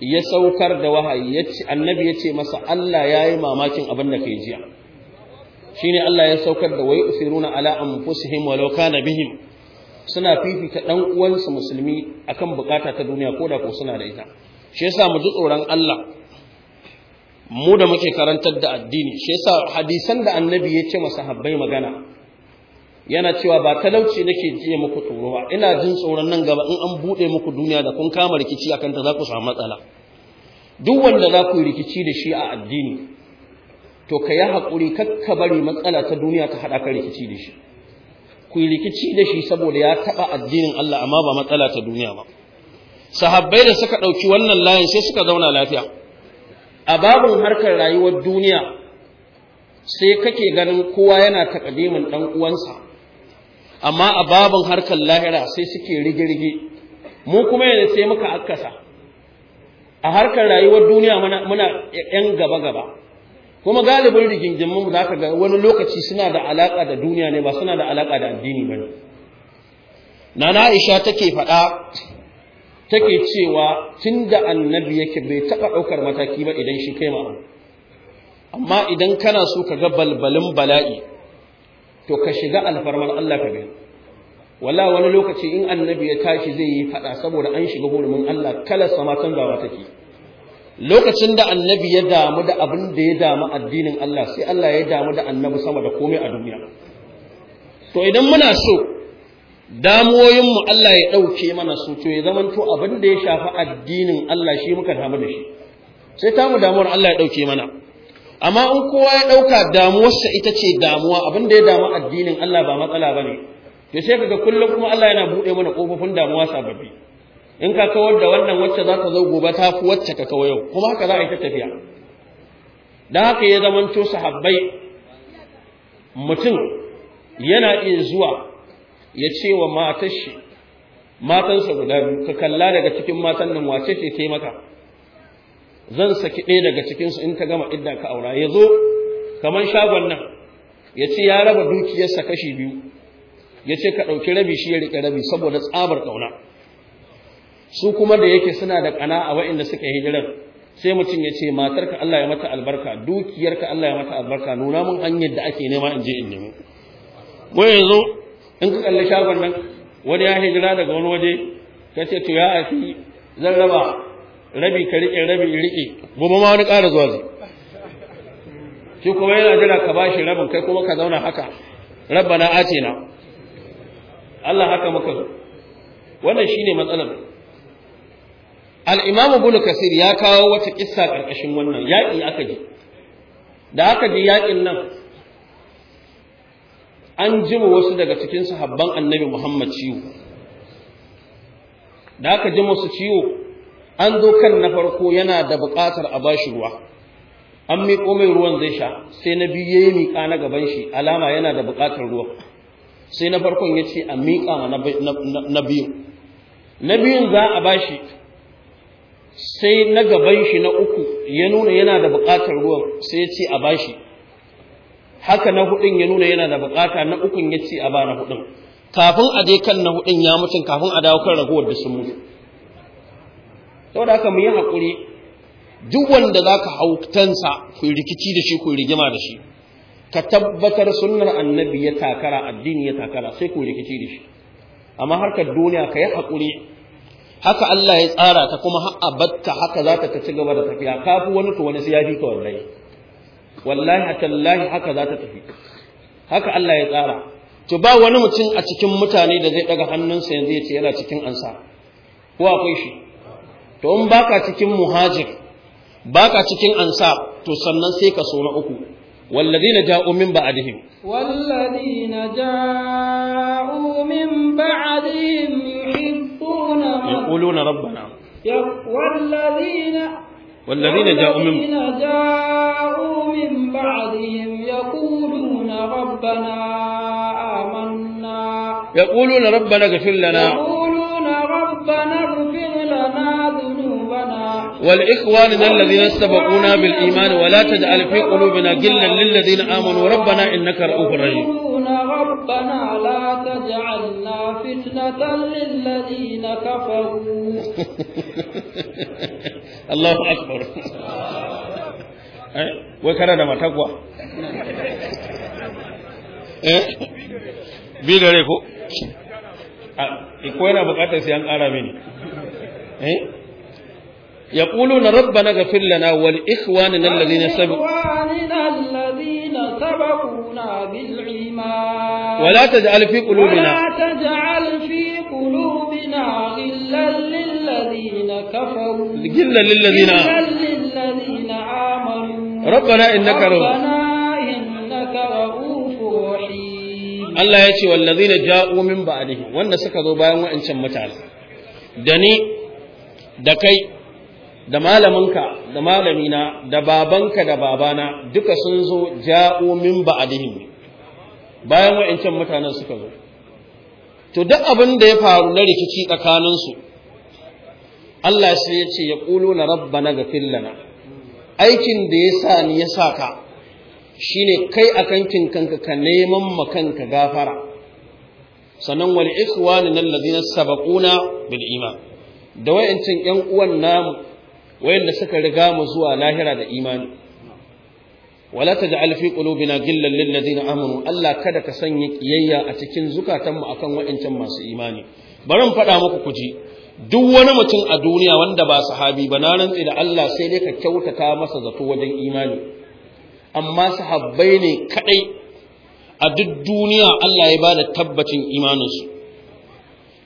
ya saukar da wahayi annabi ya ce masa Allah ya yi mamakin abin da kai jiya shine Allah ya saukar da wai usiruna ala anfusihim walau kana bihim suna fifita ɗan uwansa musulmi akan bukata ta duniya ko da ko suna da ita shi yasa mu ji tsoron Allah mu da muke karantar da addini shi yasa hadisan da annabi ya ce masa habbai magana yana cewa ba talauci nake jiya muku tsoro ba ina jin tsoron nan gaba in an bude muku duniya da kun kama rikici akan ta za ku samu matsala duk wanda za ku yi rikici da shi a addini to ka yi haƙuri kakka bari matsala ta duniya ta haɗa ka rikici da shi ku rikici da shi saboda ya taɓa addinin Allah amma ba matsala ta duniya ba sahabbai da suka ɗauki wannan layin sai suka zauna lafiya a babin harkar rayuwar duniya sai kake ganin kowa yana takadimin ɗan uwansa amma a babin harkar lahira sai suke rige mu kuma yanzu sai muka akasa a harkar rayuwar duniya muna yan gaba-gaba kuma galibin rigingimin za ka ga wani lokaci suna da alaƙa da duniya ne ba suna da alaƙa da addini ba ne nana aisha take faɗa take cewa tun da annabi yake bai taɓa ɗaukar mataki ba idan shi kai ma amma idan kana so ka ga balbalin bala'i to ka shiga alfarmar Allah ka biya Wala wani lokaci in annabi ya tashi zai yi faɗa saboda an shiga hurumin Allah kala sama canzawa take lokacin da annabi ya damu da abin da ya damu addinin Allah sai Allah ya damu da annabi sama da komai a duniya to idan muna so damuwoyin mu Allah ya dauke mana su to ya zamanto abin da ya shafa addinin Allah shi muka damu da shi sai ta mu damuwar Allah ya ɗauke mana amma in kowa ya ɗauka damuwarsa ita ce damuwa abin da ya damu addinin Allah ba matsala ba ne to sai kaga kullum kuma Allah yana buɗe mana ƙofofin damuwa sababbi in ka kawar da wannan wacce za ta zo gobe ta fi wacce ka kawo yau kuma haka za a yi ta tafiya da haka ya zamanto sahabbai mutum yana iya zuwa ya ce wa matar shi matansa guda biyu ka kalla daga cikin matan nan wace ce taimaka zan saki ɗaya daga cikinsu in ta gama idda ka aura ya zo kamar shagon nan ya ce ya raba dukiyarsa kashi biyu ya ce ka ɗauki rabi shi ya riƙe rabi saboda tsabar ƙauna su kuma da yake suna da ƙana a waɗanda suka hijirar sai mutum ya ce matarka Allah ya mata albarka dukiyarka Allah ya mata albarka nuna mun hanyar da ake nema in je in nemo ya yanzu in ka kalli shagon nan wani ya hijira daga wani waje ka ce to ya aiki zan raba rabi ka riƙe rabi riƙe gobe ma wani ƙara zuwa zai shi kuma yana jira ka bashi rabin kai kuma ka zauna haka Rabba ace na. Allah haka muka zo wannan shine matsalar al-imam ibn kasir ya kawo wata kissa karkashin wannan yaƙi aka ji da aka ji yaƙin nan an jima wasu daga cikin sahabban annabi Muhammad ciwo da aka jima su ciwo an zo kan na farko yana da buƙatar a bashi ruwa an miƙo mai ruwan zai sha sai na biyu ya yi miƙa na gaban shi alama yana da buƙatar ruwa sai na farkon ya ce a miƙa na biyu na biyun za a bashi sai na gaban shi na uku ya nuna yana da buƙatar ruwan sai ya ce a bashi haka na hudun ya nuna yana da buƙata na ukun ya ce a ba na hudun kafin a je kan na hudun ya mutum kafin a dawo kan ragowar da sun mutu saboda haka mu yi haƙuri duk wanda za ka hautansa ku rikici da shi ku rigima da shi ka tabbatar sunnar annabi ya takara addini ya takara sai ku rikici da shi amma harkar duniya ka yi haƙuri haka Allah ya tsara ta kuma abatta haka za ta ci gaba da tafiya kafu wani to wani sai ya fi ka wallahi wallahi tallahi haka za ta tafi haka Allah ya tsara to ba wani mutum a cikin mutane da zai daga hannunsa yanzu ya ce yana cikin ansa ko akwai shi to in ba ka cikin muhajir ba ka cikin ansa to sannan sai ka so na uku wallazina ja'u min ba'dihim wallazina ja'u min ba'dihim yuhibbuna yaquluna rabbana ya wallazina والذين جاءوا من جاءوا من بعدهم يقولون ربنا آمنا يقولون ربنا اغفر لنا يقولون ربنا ولإخواننا الذين سبقونا بالإيمان ولا تجعل في قلوبنا غلا للذين آمنوا ربنا إنك رؤوف رحيم ربنا لا تجعلنا فتنة للذين كفروا الله أكبر وكان ما تقوى bi da ko ko yana bukatar sai an ƙara mini eh يقولون ربنا اغفر لنا ولإخواننا الذين سبقوا سبقونا بالإيمان ولا تجعل في قلوبنا ولا تجعل في قلوبنا غلا للذين كفروا غلا للذين للذين آمنوا ربنا إنك رؤوف رحيم الله يأتي والذين جاءوا من بعدهم وأن سكروا بايا وأن شمت عليه دني دكي da malaminka da malamina da babanka da babana duka sun zo ja'o min ba'dihim bayan wa'ancan mutanen suka zo to duk abin da ya faru na rikici tsakaninsu Allah sai ya ce ya ƙulo na rabbana ga fillana, aikin da ya sa ni ya sa ka shi ne kai a kankin kanka ka neman makanka gafara sannan wani ikhwani nan ladina sabaquna bil bil'ima. da wa'ancan 'yan uwan namu wayanda suka riga mu zuwa lahira da imani wala taj'al fi qulubina gillan lil ladina amanu Allah kada ka sanya kiyayya a cikin zukatanmu akan waɗancan masu imani barin faɗa muku kuji duk wani mutum a duniya wanda ba sahabi ba na rantsi da Allah sai dai ka kyautata masa zato wajen imani amma sahabbai ne kadai a duk duniya Allah ya bada tabbacin imaninsu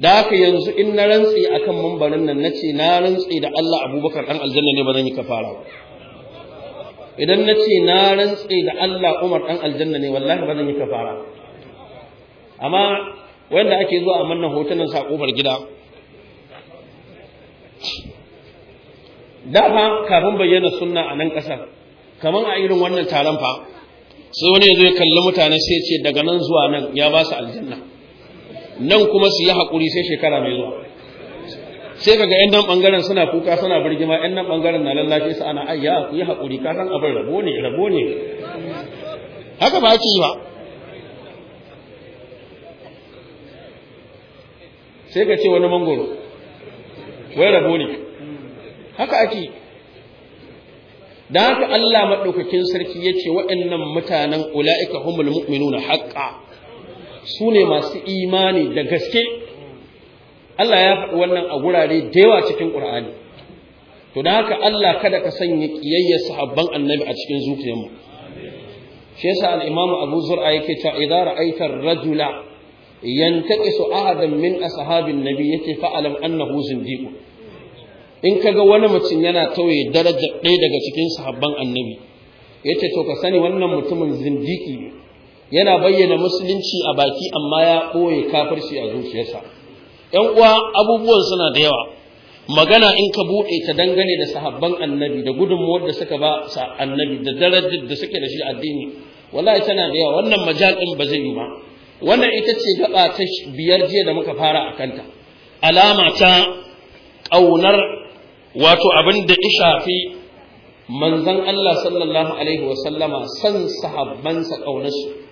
da haka yanzu in na rantsi kan mambarin nan nace na rantsi da Allah Abubakar dan aljanna ne ba zan yi kafara ba idan nace na rantsi da Allah Umar dan aljanna ne wallahi ba zan yi kafara amma wanda ake zuwa a mannan hotunan sa gida da fa kafin bayyana sunna a nan kasar kaman a irin wannan taron fa sai wani ya zo ya kalli mutane sai ya ce daga nan zuwa nan ya ba su aljanna nan kuma su yi haƙuri sai shekara mai zuwa sai kaga yan nan suna kuka suna birgima yan nan ɓangaren na lallace su ana ayya ku yi haƙuri ka san abin rabo ne rabo ne haka ba ki ba sai ka ce wani mangoro wai rabo ne haka ake da haka Allah maɗaukakin sarki ya ce waɗannan mutanen ula'ika humul mu'minuna haƙƙa su ne masu imani da gaske Allah ya faɗi wannan a gurare da yawa cikin ƙur'ani to da haka Allah kada ka sanya ƙiyayya sahabban annabi a cikin zuciyarmu shi yasa al-imamu Abu Zur'a yake cewa idza ra'aita aikar rajula yantaqisu ahadan min ashabin nabi yake fa'alam annahu zindiq in ka ga wani mutum yana tauye daraja ɗaya daga cikin sahabban annabi yace to ka sani wannan mutumin zindiki yana bayyana musulunci a baki amma ya ɓoye kafirci a zuciyarsa ‘yan uwa abubuwan suna da yawa magana in ka buɗe ta dangane da sahabban annabi da gudunmuwar da suka ba sa annabi da darajar da suke da shi addini wallahi tana da yawa wannan majalin ba zai yi ba wannan ita ce gaba ta biyar jiya da muka fara a kanta alama ta ƙaunar wato abin da ya shafi manzon Allah sallallahu alaihi wasallama san sahabbansa ƙaunarsu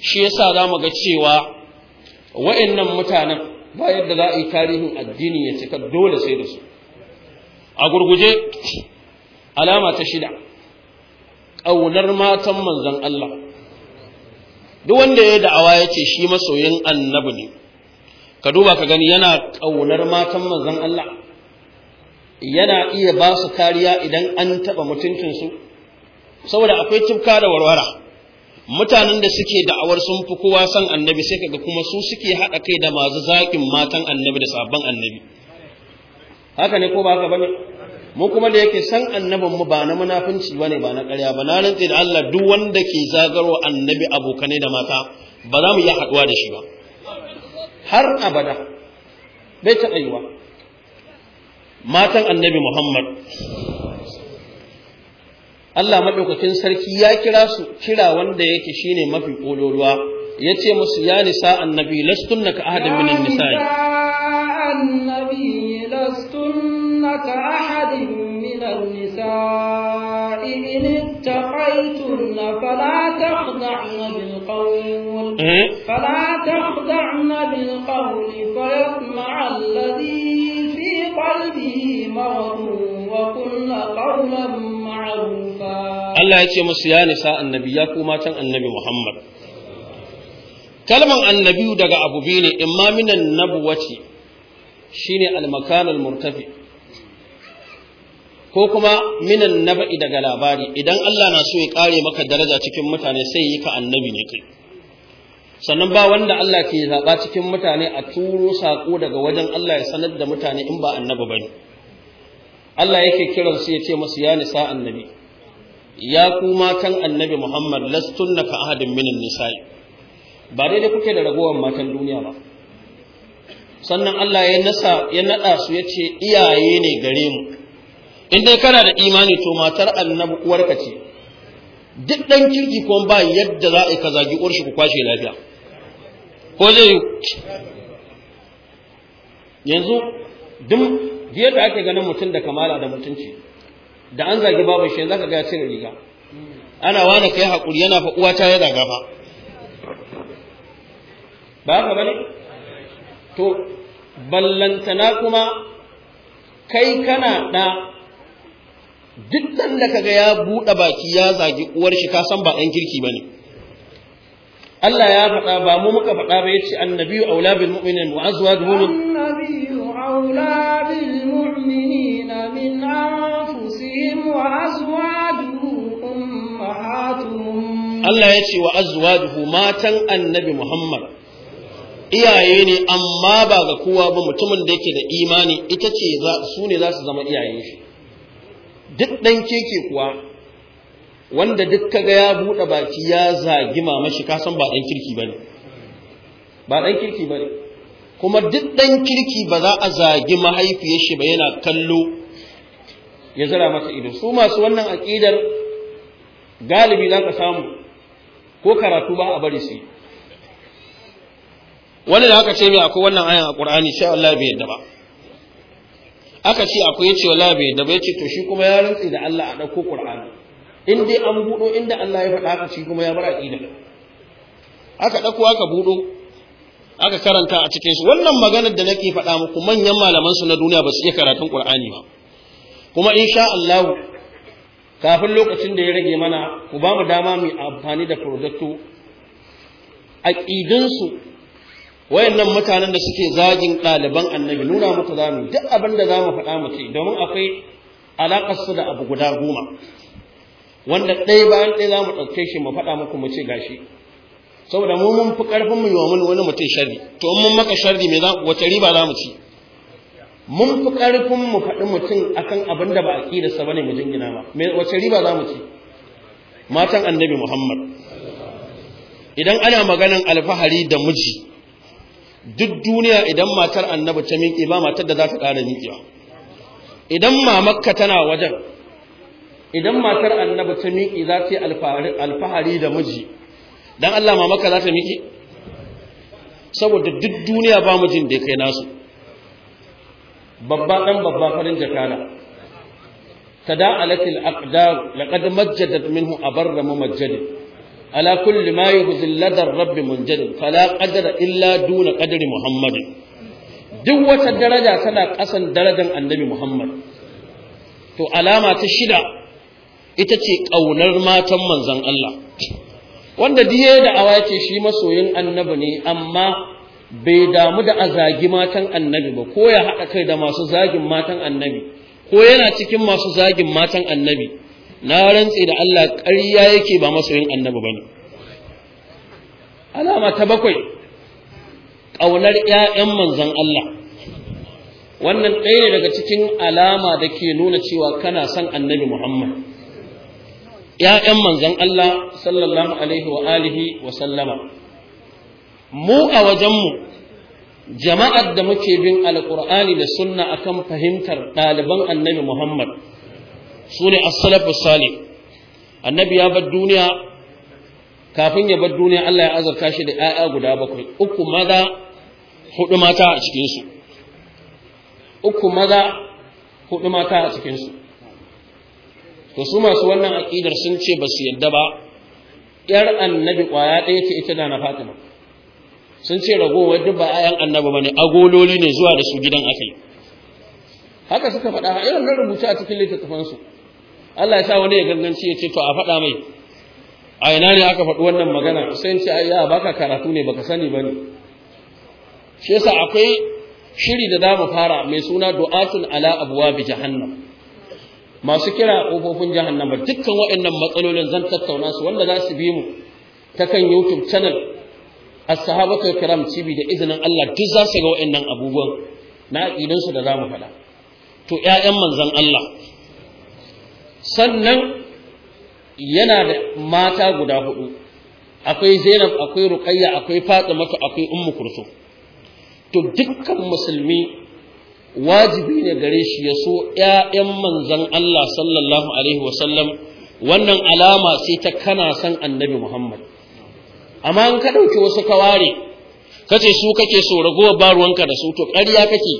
shi yasa za mu ga cewa wa'annan mutanen ba da za a yi tarihin addini ya cika dole sai da su a gurguje alama ta shida ƙaunar matan manzon Allah duk wanda ya da'awa ya ce shi masoyin annabi ne ka duba ka gani yana ƙaunar matan manzon Allah yana iya ba su kariya idan an taɓa mutuncinsu saboda akwai tufka da warwara mutanen da suke da'awar sun fi kowa san annabi sai kaga kuma su suke haɗa kai da masu zaƙin matan annabi da sabon annabi haka ne ko ba haka bane mu kuma da yake san annabin mu ba na munafunci bane ba na ƙarya ba na rantsi da Allah duk wanda ke zagarwa annabi abokanai da mata ba za mu yi haɗuwa da shi ba har abada bai taɓa yiwa matan annabi Muhammad Allah maɗaukakin sarki ya kira su kira wanda yake shine mafi ƙololuwa ya ce musu ya nisa annabi lastunna ka ahadin minan nisa'i annabi lastunna ka ahadin minan nisa'i in ittaqaytunna fala takhda'na bil qawl eh? fala takhda'na bil qawl fayatma'a alladhi fi qalbihi maradun Allah ya ce musu ya nisa annabi ya kuma can annabi Muhammad kalman annabi daga abu biyu ne imma minan nabuwati shine shi ne almakanar murtafi ko kuma minan naba'i daga labari idan Allah na so ya kare maka daraja cikin mutane sai yi ka annabi ne kai sannan ba wanda Allah ke zaɓa cikin mutane a turo saƙo daga wajen Allah ya sanar da mutane in ba annabi ba ne. Allah yake kiran su ce masu ya nisa annabi ya ku matan annabi Muhammad na ka ahadin minin nisa'i ba dai kuke da ragowar matan duniya ba sannan Allah ya nasa ya nada su yace iyaye ne gare mu in dai kana da imani to matar annabi uwarka ce duk dan kirki ko ba yadda za a zagi uwar shi ku kwashe lafiya ko zai yanzu da ake ganin mutum da kamala da mutunci da an zagi babu shi zaka ga ya cire riga ana wani kai hakuri yana fa uwa ta ya zaga fa ba ka bane to ballantana kuma kai kana da duk dan da kaga ya buɗe baki ya zagi uwar shi ka san ba ɗan kirki bane Allah ya faɗa ba mu muka faɗa ba yace annabiyu aula bil mu'minin wa azwajuhum أولى بالمؤمنين من أنفسهم وأزواجه أمهاتهم الله يتي وأزواجه ماتا النبي محمد iyaye ne amma ba ga kowa ba mutumin da yake da imani ita ce su ne za su zama iyayen shi duk ɗan keke kuwa wanda duk kaga ya bude baki ya zagi mamashi kasan ba ɗan kirki ba ne ba ɗan kirki ba ne kuma duk ɗan kirki ba za a zagi mahaifiyar shi ba yana kallo ya zira masa ido su masu wannan aƙidar galibi za ka samu ko karatu ba a bari su wani da aka ce mai akwai wannan ayan a ƙur'ani sai Allah bai yadda ba aka ce akwai yace wala bai yadda ba yace to shi kuma ya rantsi da Allah a ɗauko ƙur'ani in dai an buɗo inda Allah ya faɗa aka shi kuma ya bar aƙida aka ɗauko aka buɗo aka karanta a cikin su wannan maganar da nake faɗa muku manyan malaman su na duniya ba su iya karatun Qur'ani ba kuma insha Allah kafin lokacin da ya rage mana ku ba mu dama mu amfani da projecto aqidin su wayannan mutanen da suke zagin ɗaliban annabi nuna muku zamu duk abin da zamu faɗa muku. domin akwai alaƙar su da abu guda goma wanda ɗaya bayan ɗaya zamu ɗauke shi mu faɗa muku mu ce gashi saboda mu mun fi karfin mu yiwa wani mutum sharri to mun maka sharri me za riba za mu ci mun fi karfin mu faɗi mutum akan abin da ba a kira sa bane mu jingina ba me wace riba za mu ci matan annabi Muhammad idan ana maganan alfahari da miji duk duniya idan matar annabi ta miƙe ba matar da za ta ƙara miƙewa idan mamakka tana wajen idan matar annabi ta miƙe za ta yi alfahari da miji dan Allah mamaka za ta miki saboda duk duniya ba mu jin da ya kai nasu babba dan babba farin jaka na tada'alatil aqdar laqad majjadat minhu abarra mumajjadin ala kulli ma yuhzil ladar rabb munjadin fala qadara illa duna qadri muhammadin duk wata daraja tana kasan darajan annabi muhammad to alama ta shida ita ce ƙaunar matan manzon Allah wanda diye da awa ce shi masoyin annabi ne amma bai damu da a zagi matan annabi ba ko ya haɗa kai da masu zagin matan annabi ko yana cikin masu zagin matan annabi na rantse da Allah ƙarya yake ba masoyin annabi ba ne alama ta bakwai ƙaunar ‘ya'yan manzan Allah wannan ɗaya ne daga cikin alama da ke nuna cewa kana son annabi Muhammad ‘ya'yan manzan Allah sallallahu Alaihi wa alihi wa sallama. Mu a wajenmu, jama'ar da muke bin Alƙur'ani da sunna a kan fahimtar ɗaliban annabi Muhammad, su ne as Assalafu Salih, annabi ya bar duniya, kafin ya bar duniya Allah ya azarta shi da ‘ya'ya guda bakwai, uku maza, huɗu mata a cikinsu. Uku maza, huɗu mata a cikinsu. to su masu wannan aƙidar sun ce ba su yadda ba ‘yar annabi kwaya ɗaya ce ita da na fatima sun ce ragowar duk ba ayan annabi bane ne agololi ne zuwa da su gidan akai haka suka faɗa irin na rubuta a cikin littattafansu Allah ya sa wani ya gangance ya ce to a faɗa mai a ina ne aka faɗi wannan magana sai ce ai ya baka karatu ne baka sani bane shi yasa akwai shiri da za mu fara mai suna du'atun ala bi jahannam masu kira ƙofofin jahannama dukkan waɗannan matsalolin zan tattauna su wanda za su bi mu ta kan YouTube channel a sahabatar Kiram TV da izinin Allah duk za su ga waɗannan abubuwan na da za mu faɗa to ƴaƴan manzon Allah sannan yana da mata guda hudu akwai Zainab akwai Ruqayya akwai Fatima akwai Ummu kurso to dukkan musulmi wajibi ne gare shi ya so ‘ya'yan manzan Allah sallallahu Alaihi wasallam wannan alama sai ta kana san annabi Muhammad. Amma in ka ɗauki wasu kaware, ka ce su kake so ragowa ba da su to ƙarya kake,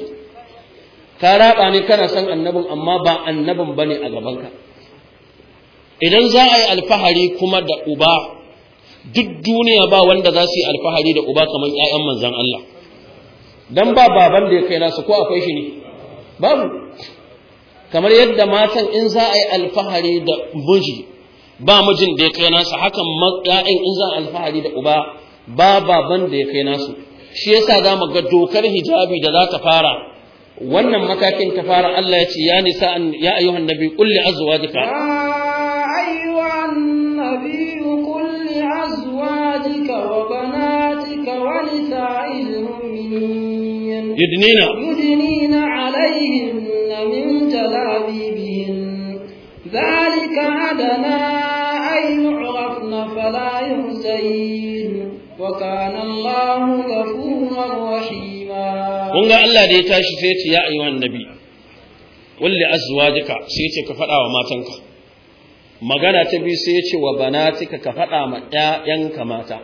ka raɓa ne kana san annabin amma ba annabin ba ne a gabanka. Idan za a yi alfahari kuma da uba, duk duniya ba wanda za su yi alfahari da uba kamar ‘ya'yan manzan Allah. dan ba baban da ya kai nasu ko akwai shi ne babu kamar yadda matan in za a yi alfahari da miji ba mijin da ya kai nasu hakan ƴaƴan in za a alfahari da uba ba baban da ya kai nasu shi yasa za mu ga dokar hijabi da za ta fara wannan matakin ta fara Allah ya ce ya nisa ya ayyuhan nabi qul li azwajika azwajika wa banatika wa nisa'il mu'minin يدنينا يدنينا alaihin من jalabibihin ذلك adana ay yu'rafna فلا yuzayn wa الله غفورا ghafurur rahima kun دي Allah da ya tashi sai ya ce ya ayyuhan nabi magana ta biyu sai ya ce wa banatika ka faɗa ma ƴaƴanka mata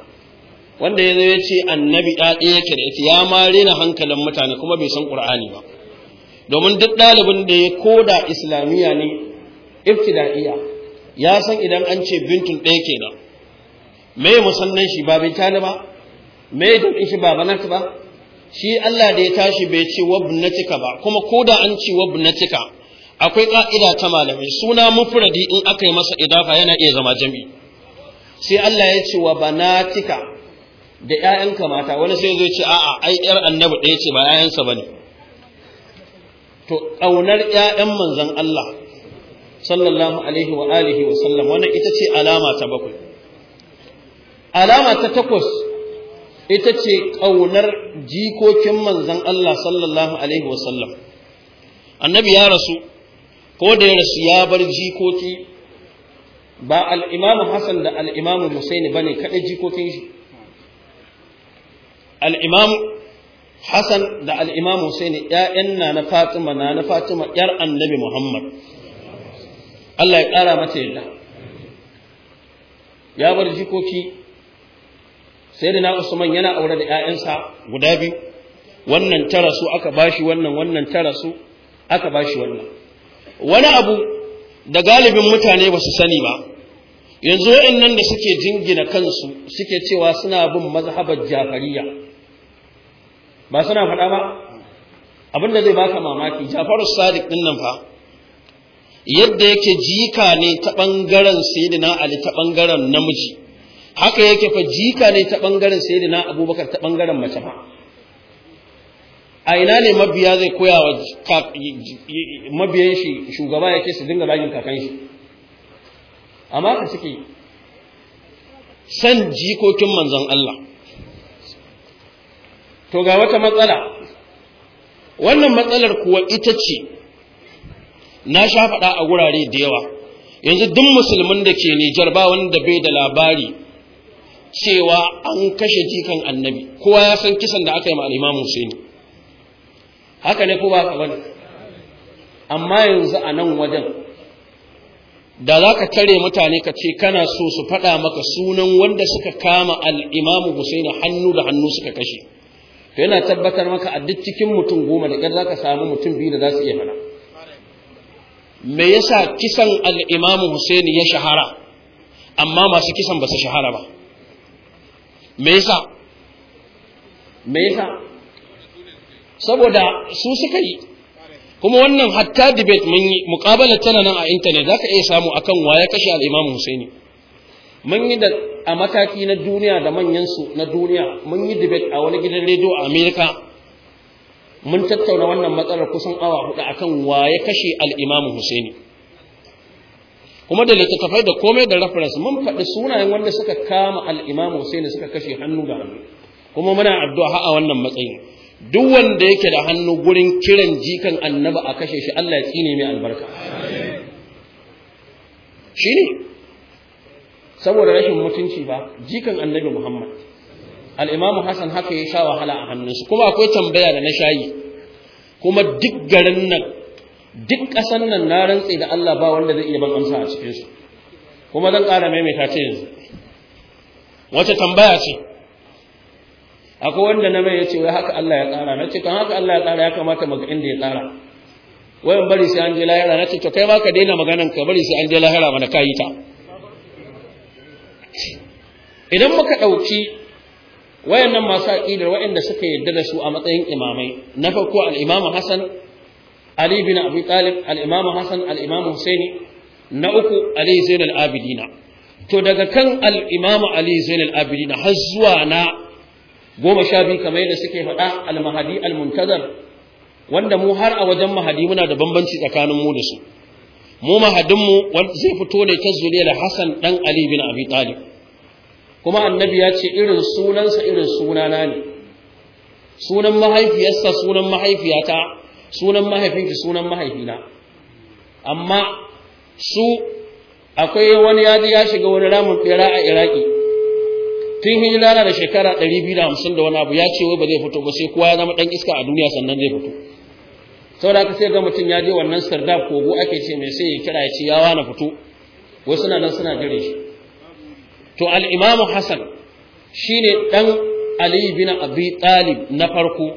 wanda ya zo ya ce annabi ya ɗaya yake da ita ya ma rena hankalin mutane kuma bai san ƙur'ani ba domin duk ɗalibin da ya koda islamiyya ne ibtida'iyya ya san idan an ce bintun ɗaya kenan me musannan shi ba bai tani ba me dukkan shi ba ba shi Allah da ya tashi bai ce wabnatika ba kuma koda an ce wabnatika akwai ka'ida ta malamai suna mufradi in aka yi masa idafa yana iya zama jami'i sai Allah ya ce wa banatika da ‘ya'yanka mata wani sai zai ce a'a ai ‘yar annabi ɗaya ce ba ‘ya'yansa ba ne to ƙaunar ‘ya'yan manzan Allah sallallahu alaihi wa alihi wa sallam wani ita ce alama ta bakwai alama ta takwas ita ce ƙaunar jikokin manzan Allah sallallahu alaihi wa sallam annabi ya rasu ko da ya rasu ya bar jikoki ba al'imamu Hassan da al'imamu Musaini ba ne kaɗai jikokin shi al'imamu Hassan da al'imamu Hussein ‘ya'yan na na Fatima na na Fatima ‘yar annabi Muhammad. Allah ya ƙara mata yadda. Ya bar jikoki, sai da na Usman yana aure da ‘ya'yansa guda biyu, wannan tara su aka bashi wannan, wannan tara su aka bashi wannan. Wani abu da galibin mutane ba su sani ba, yanzu nan da suke jingina kansu suke cewa suna bin mazhabar jafariya. ba suna faɗa ba abin da zai baka mamaki jafaru sadiq din nan fa yadda yake jika ne ta ɓangaren sayyidina ali ta ɓangaren namiji haka yake fa jika ne ta ɓangaren sayyidina abubakar ta ɓangaren mace fa. a ina ne mabiya zai koya wa mabiyan shi shugaba yake su dinga bagin kakan shi amma ka suke san jikokin manzon Allah to ga wata matsala wannan matsalar kuwa ita ce na sha faɗa a wurare da yawa yanzu duk musulmin da ke Nijar ba wanda bai da labari cewa an kashe jikan annabi kowa ya san kisan da aka yi ma al'imam Husaini haka ne ko ba ka amma yanzu a nan wajen da za ka tare mutane ka ce kana so su faɗa maka sunan wanda suka kama al'imamu Husaini hannu da hannu suka kashe to yana tabbatar maka a duk cikin mutum goma da gar za ka samu mutum biyu da za su iya mana. me yasa kisan al'imamu Hussein ya shahara amma masu kisan ba su shahara ba me yasa me yasa saboda su suka yi kuma wannan hatta debate mun yi muƙabalar tana nan a intanet za ka iya samu akan wa ya kashe al'imamu Husaini mun yi da a mataki na duniya da manyansu na duniya mun yi debate a wani gidan rediyo a america mun tattauna wannan matsalar kusan awa hudu akan waye kashe al'imamu husaini kuma da littattafai da komai da reference mun faɗi sunayen wanda suka kama al'imamu husaini suka kashe hannu ga hannu kuma muna addu'a a wannan matsayin duk wanda yake da hannu gurin kiran jikan annabi a kashe shi Allah ya tsine mai albarka shi ne saboda rashin mutunci ba jikan annabi Muhammad al-Imam Hassan haka ya sha wahala a hannunsu kuma akwai tambaya da na shayi kuma duk garin nan duk ƙasar nan na rantse da Allah ba wanda zai iya ban amsa a cikin su kuma zan ƙara maimaita ce yanzu wace tambaya ce akwai wanda na mai yace wai haka Allah ya tsara na ce kan haka Allah ya tsara ya kamata ga inda ya tsara wayan bari sai an je lahira na ce to kai ma ka daina maganan ka bari sai an je lahira mana kayi ta idan muka ɗauki wayannan masu aƙidar wayanda suka yarda da su a matsayin imamai na farko al-imamu hasan ali bin abi talib al husaini na uku ali zain abidina to daga kan al-imamu ali zain abidina har zuwa na goma sha biyu kamar yadda suke faɗa al-mahadi al-muntazar wanda mu har a wajen mahadi muna da bambanci tsakanin mu da su mu mahadinmu zai fito ne ta zuriyar Hassan dan Ali bin Abi Talib kuma annabi ya ce irin sunansa irin sunana ne sunan mahaifiyarsa sunan mahaifiyata sunan mahaifinki sunan mahaifina amma su akwai wani yaji ya shiga wani ramin fera a Iraki tun hijira na da shekara 250 da wani abu ya ce wai ba zai fito ba sai kowa ya zama ɗan iska a duniya sannan zai fito saboda haka sai ga mutum ya je wannan sarda, kogo ake ce mai sai ya kira ya ce ya wani fito wasu na nan suna gare shi to al Hassan hasan shine ɗan Aliyu bin abi talib na farko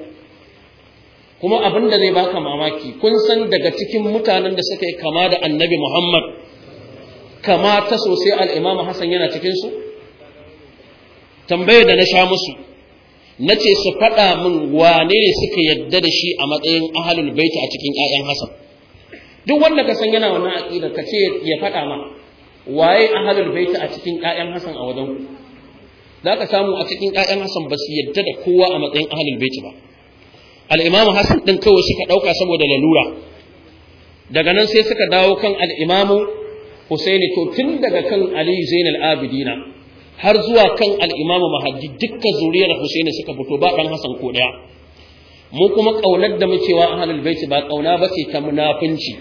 kuma abin da zai baka mamaki kun san daga cikin mutanen da suka yi kama da annabi muhammad kama ta sosai al-imamu hasan yana cikinsu? tambayar da na sha musu na ce su faɗa min wane ne suka yadda da shi a matsayin ahalul baiti a cikin 'ya'yan Hassan duk wanda ka san yana wannan aƙida ka ce ya faɗa ma waye ahalul baiti a cikin 'ya'yan Hassan a wajen ku za ka samu a cikin 'ya'yan Hassan ba su yadda da kowa a matsayin ahalul baiti ba al Hassan ɗin kawai suka ɗauka saboda lalura daga nan sai suka dawo kan al Hussaini Husaini to tun daga kan Ali Zainal Abidina har zuwa kan al'imamu mahaddi dukkan zuriyar husaini suka fito ba ɗan Hassan ko ɗaya mu kuma ƙaunar da muke wa bai baiti ba ƙauna ba ce ta munafunci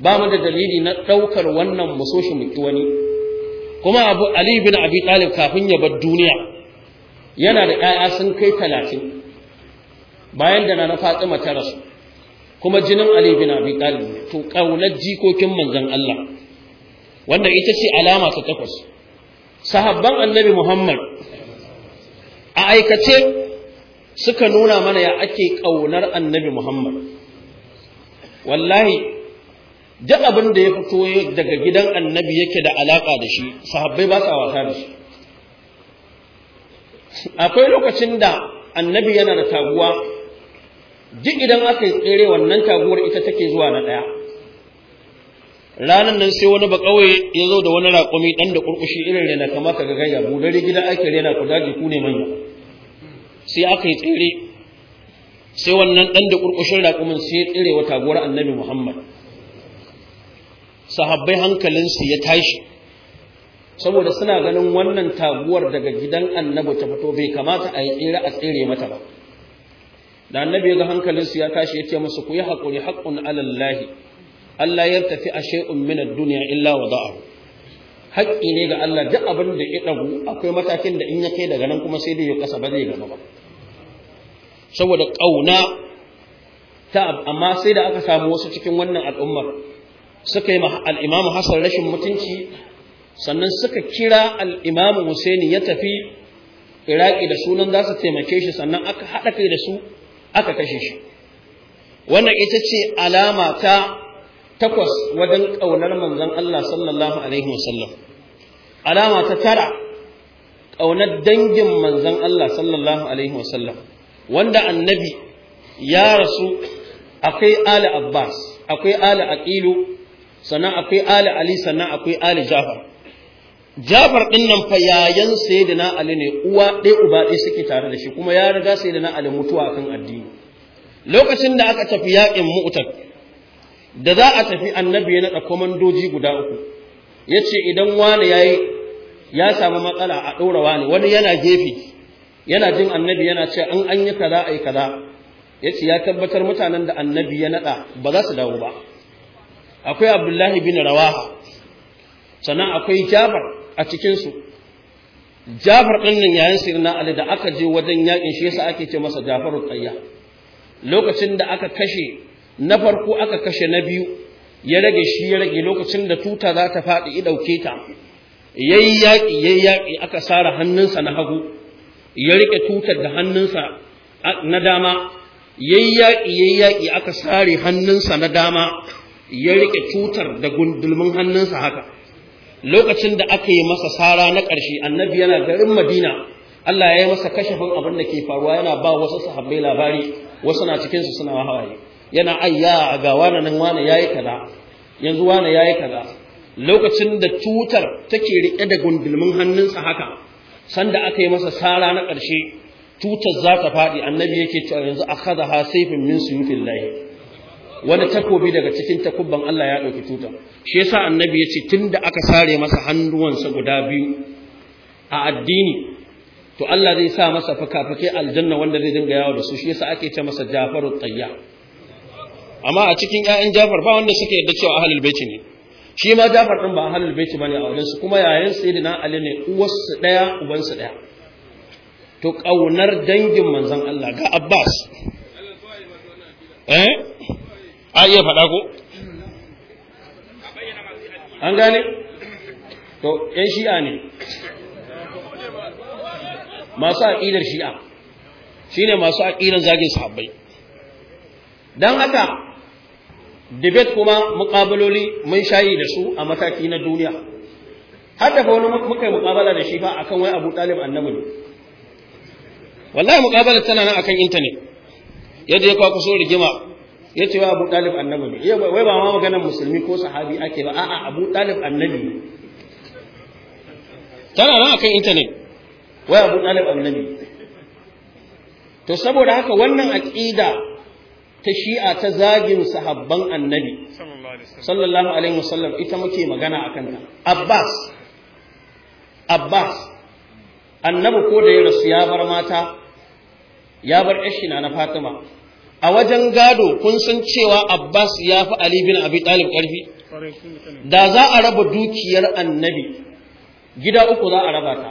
ba mu da dalili na ɗaukar wannan mu so shi muki wani kuma abu ali bin abi talib kafin ya bar duniya yana da ƴaƴa sun kai talatin bayan da na fatima ta rasu kuma jinin ali bin abi talib to ƙaunar jikokin manzon Allah wanda ita ce alama ta takwas sahabban annabi Muhammad a aikace suka nuna mana ya ake ƙaunar annabi Muhammad wallahi duk abin da ya fito daga gidan annabi yake da alaƙa da shi sahabbai ba sa wasa da shi akwai lokacin da annabi yana da taguwa duk idan aka yi tsere wannan taguwar ita take zuwa na ɗaya ranan nan sai wani bakawai ya zo da wani raƙumi ɗan da ƙurƙushi irin rena kama ka gagaya Bulari gidan ake rena ku daji ku ne manya sai aka yi tsere sai wannan ɗan da ƙurƙushin raƙumin sai ya tsere wa taguwar annabi muhammad sahabbai hankalinsu ya tashi saboda suna ganin wannan taguwar daga gidan annabi ta fito bai kamata a yi tsere a tsere mata ba da annabi ya ga hankalinsu ya tashi ya ce musu ku yi haƙuri haƙun alallahi Allah ya tafi a shay'un min ad-dunya illa wada'ahu haƙƙi ne ga Allah duk abin da ya dagu akwai matakin da in ya kai daga nan kuma sai dai ya kasa ba zai gaba ba saboda kauna ta amma sai da aka samu wasu cikin wannan al'ummar suka yi al-Imam Hassan rashin mutunci sannan suka kira al-Imam Husaini ya tafi Iraki da sunan za su taimake shi sannan aka haɗa kai da su aka kashe shi wannan ita ce alama ta takwas wajen ƙaunar manzon Allah sallallahu alaihi wasallam alama ta tara ƙaunar dangin manzon Allah sallallahu alaihi wasallam wanda annabi ya rasu akwai ali abbas akwai ali aqilu sannan akwai ali ali sannan akwai ali jafar Jafar ɗin nan fa yayan Sayyidina Ali ne uwa ɗaya uba ɗaya suke tare da shi kuma ya riga Sayyidina Ali mutuwa akan addini. Lokacin da aka tafi yaƙin Mu'tad da za a tafi annabi ya naɗa kwamandoji guda uku ya ce idan wani ya yi ya samu matsala a ɗora wani wani yana gefe yana jin annabi yana ce an an yi kaza a yi kaza ya ce ya tabbatar mutanen da annabi ya naɗa ba za su dawo ba akwai abdullahi bin rawaha sannan akwai jabar a cikinsu jabar ɗin nan yayin sirna ali da aka je wajen yakin shi yasa ake ce masa jafarun tsayya lokacin da aka kashe na farko aka kashe na biyu ya rage shi ya rage lokacin da tuta za ta faɗi i ɗauke ta yayi yaƙi yayi yaƙi aka sara hannunsa na hagu ya rike tutar da hannunsa na dama yayi yaƙi yayi yaƙi aka sare hannunsa na dama ya rike tutar da gundulmin hannunsa haka lokacin da aka yi masa sara na ƙarshe annabi yana garin madina Allah ya yi masa kashafin abin da ke faruwa yana ba wasu sahabbai labari wasu na cikinsu suna hawaye yana ayya ga wani nan wani yi kaza yanzu wani yi kaza lokacin da tutar take riƙe da gundulmin hannunsa haka sanda aka yi masa sara na ƙarshe tutar za ta faɗi annabi yake cewa yanzu akhadha ha saifin min suyufillahi wani takobi daga cikin takubban Allah ya ɗauki tutar shi yasa annabi ya ce da aka sare masa hannuwansa guda biyu a addini to Allah zai sa masa fuka-fuke aljanna wanda zai dinga yawo da su shi yasa ake ce masa Jafarut Tayya amma a cikin ƴaƴan Jafar ba wanda suka yarda cewa ahlul baiti ne shi ma Jafar din ba ahlul baiti bane a wurin su kuma yayin sayyidina Ali ne uwarsu daya ubansu daya to kaunar dangin manzon Allah ga Abbas eh a iya faɗa ko an gane to 'yan shi'a ne masu aƙidar shi'a shine masu aƙidar zagin sahabbai don haka debate kuma muƙabaloli mun shayi da su a mataki na duniya har da wani muka yi muƙabala da shi fa akan wai Abu Talib annabi ne wallahi mukabala tana nan akan internet yadda ya kwa kuso rigima ya ce wai Abu Talib annabi ne wai ba ma maganar musulmi ko sahabi ake ba a'a Abu Talib annabi ne tana nan akan internet wai Abu Talib annabi to saboda haka wannan aqida ta shi'a ta zagin sahabban annabi sallallahu alaihi wasallam ita muke magana akan ta Abbas Abbas annabi ko da ya rasu ya bar mata ya bar ishi na Fatima a wajen gado kun san cewa Abbas ya fi Ali bin Abi Talib ƙarfi da za a raba dukiyar annabi gida uku za a raba ta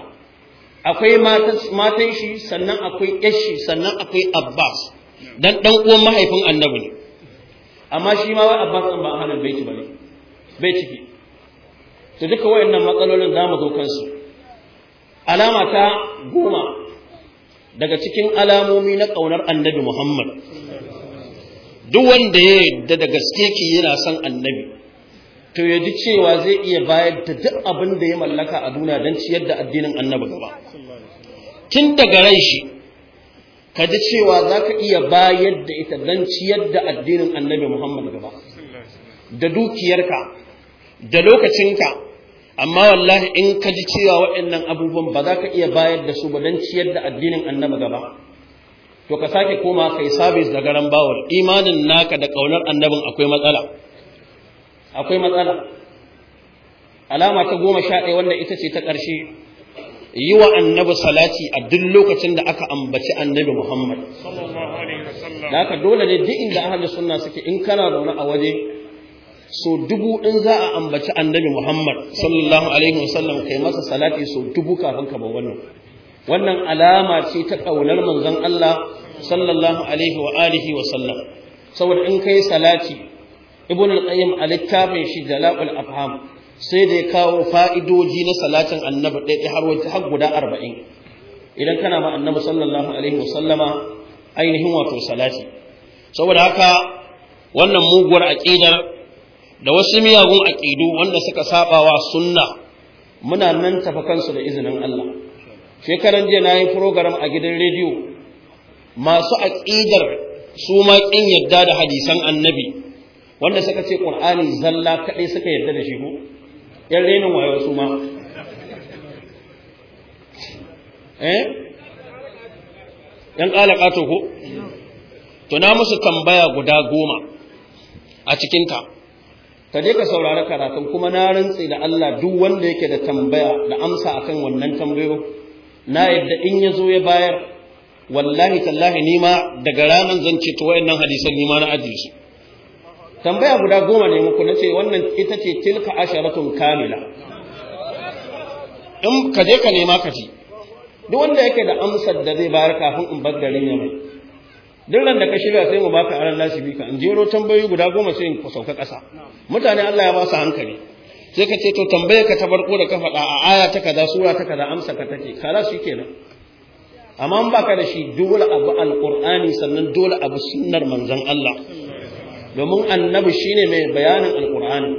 akwai matan shi sannan akwai yashi sannan akwai Abbas dan dan uwan mahaifin annabi ne amma shi ma wai abbas ba ahlul baiti bane bai ciki to duka wayannan matsalolin zamu zo kansu alama ta goma daga cikin alamomi na kaunar annabi muhammad duk wanda ya yadda da gaske ki yana son annabi to ya ji cewa zai iya bayar da duk abin da ya mallaka a duniya don ciyar da addinin annabi gaba tun daga rai shi ka ji cewa za ka iya bayar da ita don ciyar da addinin annabi Muhammad gaba da dukiyarka da lokacinka amma wallahi in ka ji cewa waɗannan abubuwan ba za ka iya bayar da su ba don ciyar da addinin annabi gaba to ka sake koma ka yi sabis da garan bawar imanin naka da ƙaunar annabin akwai matsala akwai matsala alama ta goma sha ɗaya wanda ita ce ta ƙarshe yi wa annabi salati a duk lokacin da aka ambaci annabi Muhammad da dole ne duk inda ahalin sunna suke in kana zaune a waje so dubu in za a ambaci annabi Muhammad sallallahu alaihi wasallam kai masa salati so dubu kafin ka ba wannan wannan alama ce ta ƙaunar manzon Allah sallallahu alaihi wa alihi wa sallam saboda in kai salati ibn al-qayyim al-littafin shi jala'ul afham sai da ya kawo fa'idoji na salatin annabi ɗaya har wata har guda arba'in idan kana ma annabi sallallahu alaihi wasallama ainihin wato salati saboda haka wannan muguwar aƙidar da wasu miyagun aƙidu wanda suka saba wa sunna muna nan tafa kansu da izinin Allah shekaran jiya na yi program a gidan rediyo masu aƙidar su ma ƙin yadda da hadisan annabi wanda suka ce ƙur'ani zalla kaɗai suka yadda da shi ko yan renin wayo su ma eh yan ƙala ƙato ko na musu tambaya guda goma a cikinta ka je ka saurari karatun kuma na rantse da Allah duk wanda yake da tambaya da amsa akan wannan tambayo na yadda in ya zo ya bayar wallahi tallahi nima daga ranar zan ce to wayannan hadisan nima na ajiye su tambaya guda goma ne muku na ce wannan ita ce tilka asharatun kamila in ka je ka nema ka ji duk wanda yake da amsar da zai bayar kafin in bar garin ya mai duk ran da ka shirya sai mu baka aran lasibi ka in jero tambayoyi guda goma sai in ku sauka ƙasa mutane Allah ya ba su hankali sai ka ce to tambaye ka ta barko da ka faɗa a aya ta kaza sura ta kaza amsa ka take kala shi kenan amma in baka da shi dole abu alqur'ani sannan dole abu sunnar manzon Allah domin annabi shine mai bayanin alqur'ani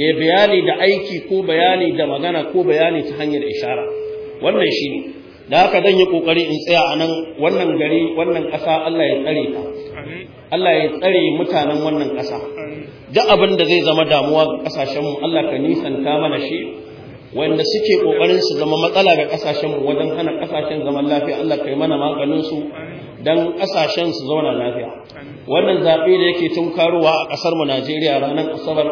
ya bayani da aiki ko bayani da magana ko bayani ta hanyar ishara wannan shine da haka zan yi ƙoƙari in tsaya a nan wannan gari wannan ƙasa Allah ya tsare ta Allah ya tsare mutanen wannan ƙasa duk abin da zai zama damuwa ga ƙasashenmu Allah ka nisanta mana shi wanda suke kokarin su zama matsala ga kasashen mu wajen hana kasashen zaman lafiya Allah kai mana maganin su dan kasashen su zauna lafiya wannan zabe da yake tunkarowa a kasar mu Najeriya ranar asabar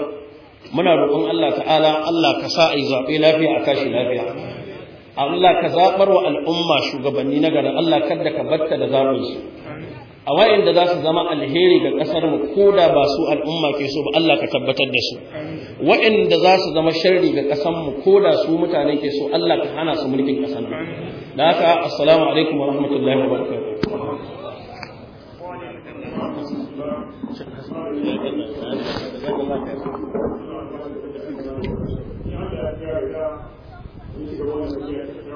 muna roƙon Allah ta'ala Allah ka sa ai zabe lafiya a kashi lafiya Allah ka zabar wa al'umma shugabanni na gari Allah kada ka batta da zabin su a wayanda za su zama alheri ga kasar mu ko da ba su al'umma ke so ba Allah ka tabbatar da su wayanda za su zama sharri ga kasar mu ko da su mutane ke so Allah ka hana su mulkin kasar mu da haka assalamu alaikum wa rahmatullahi wa barakatuh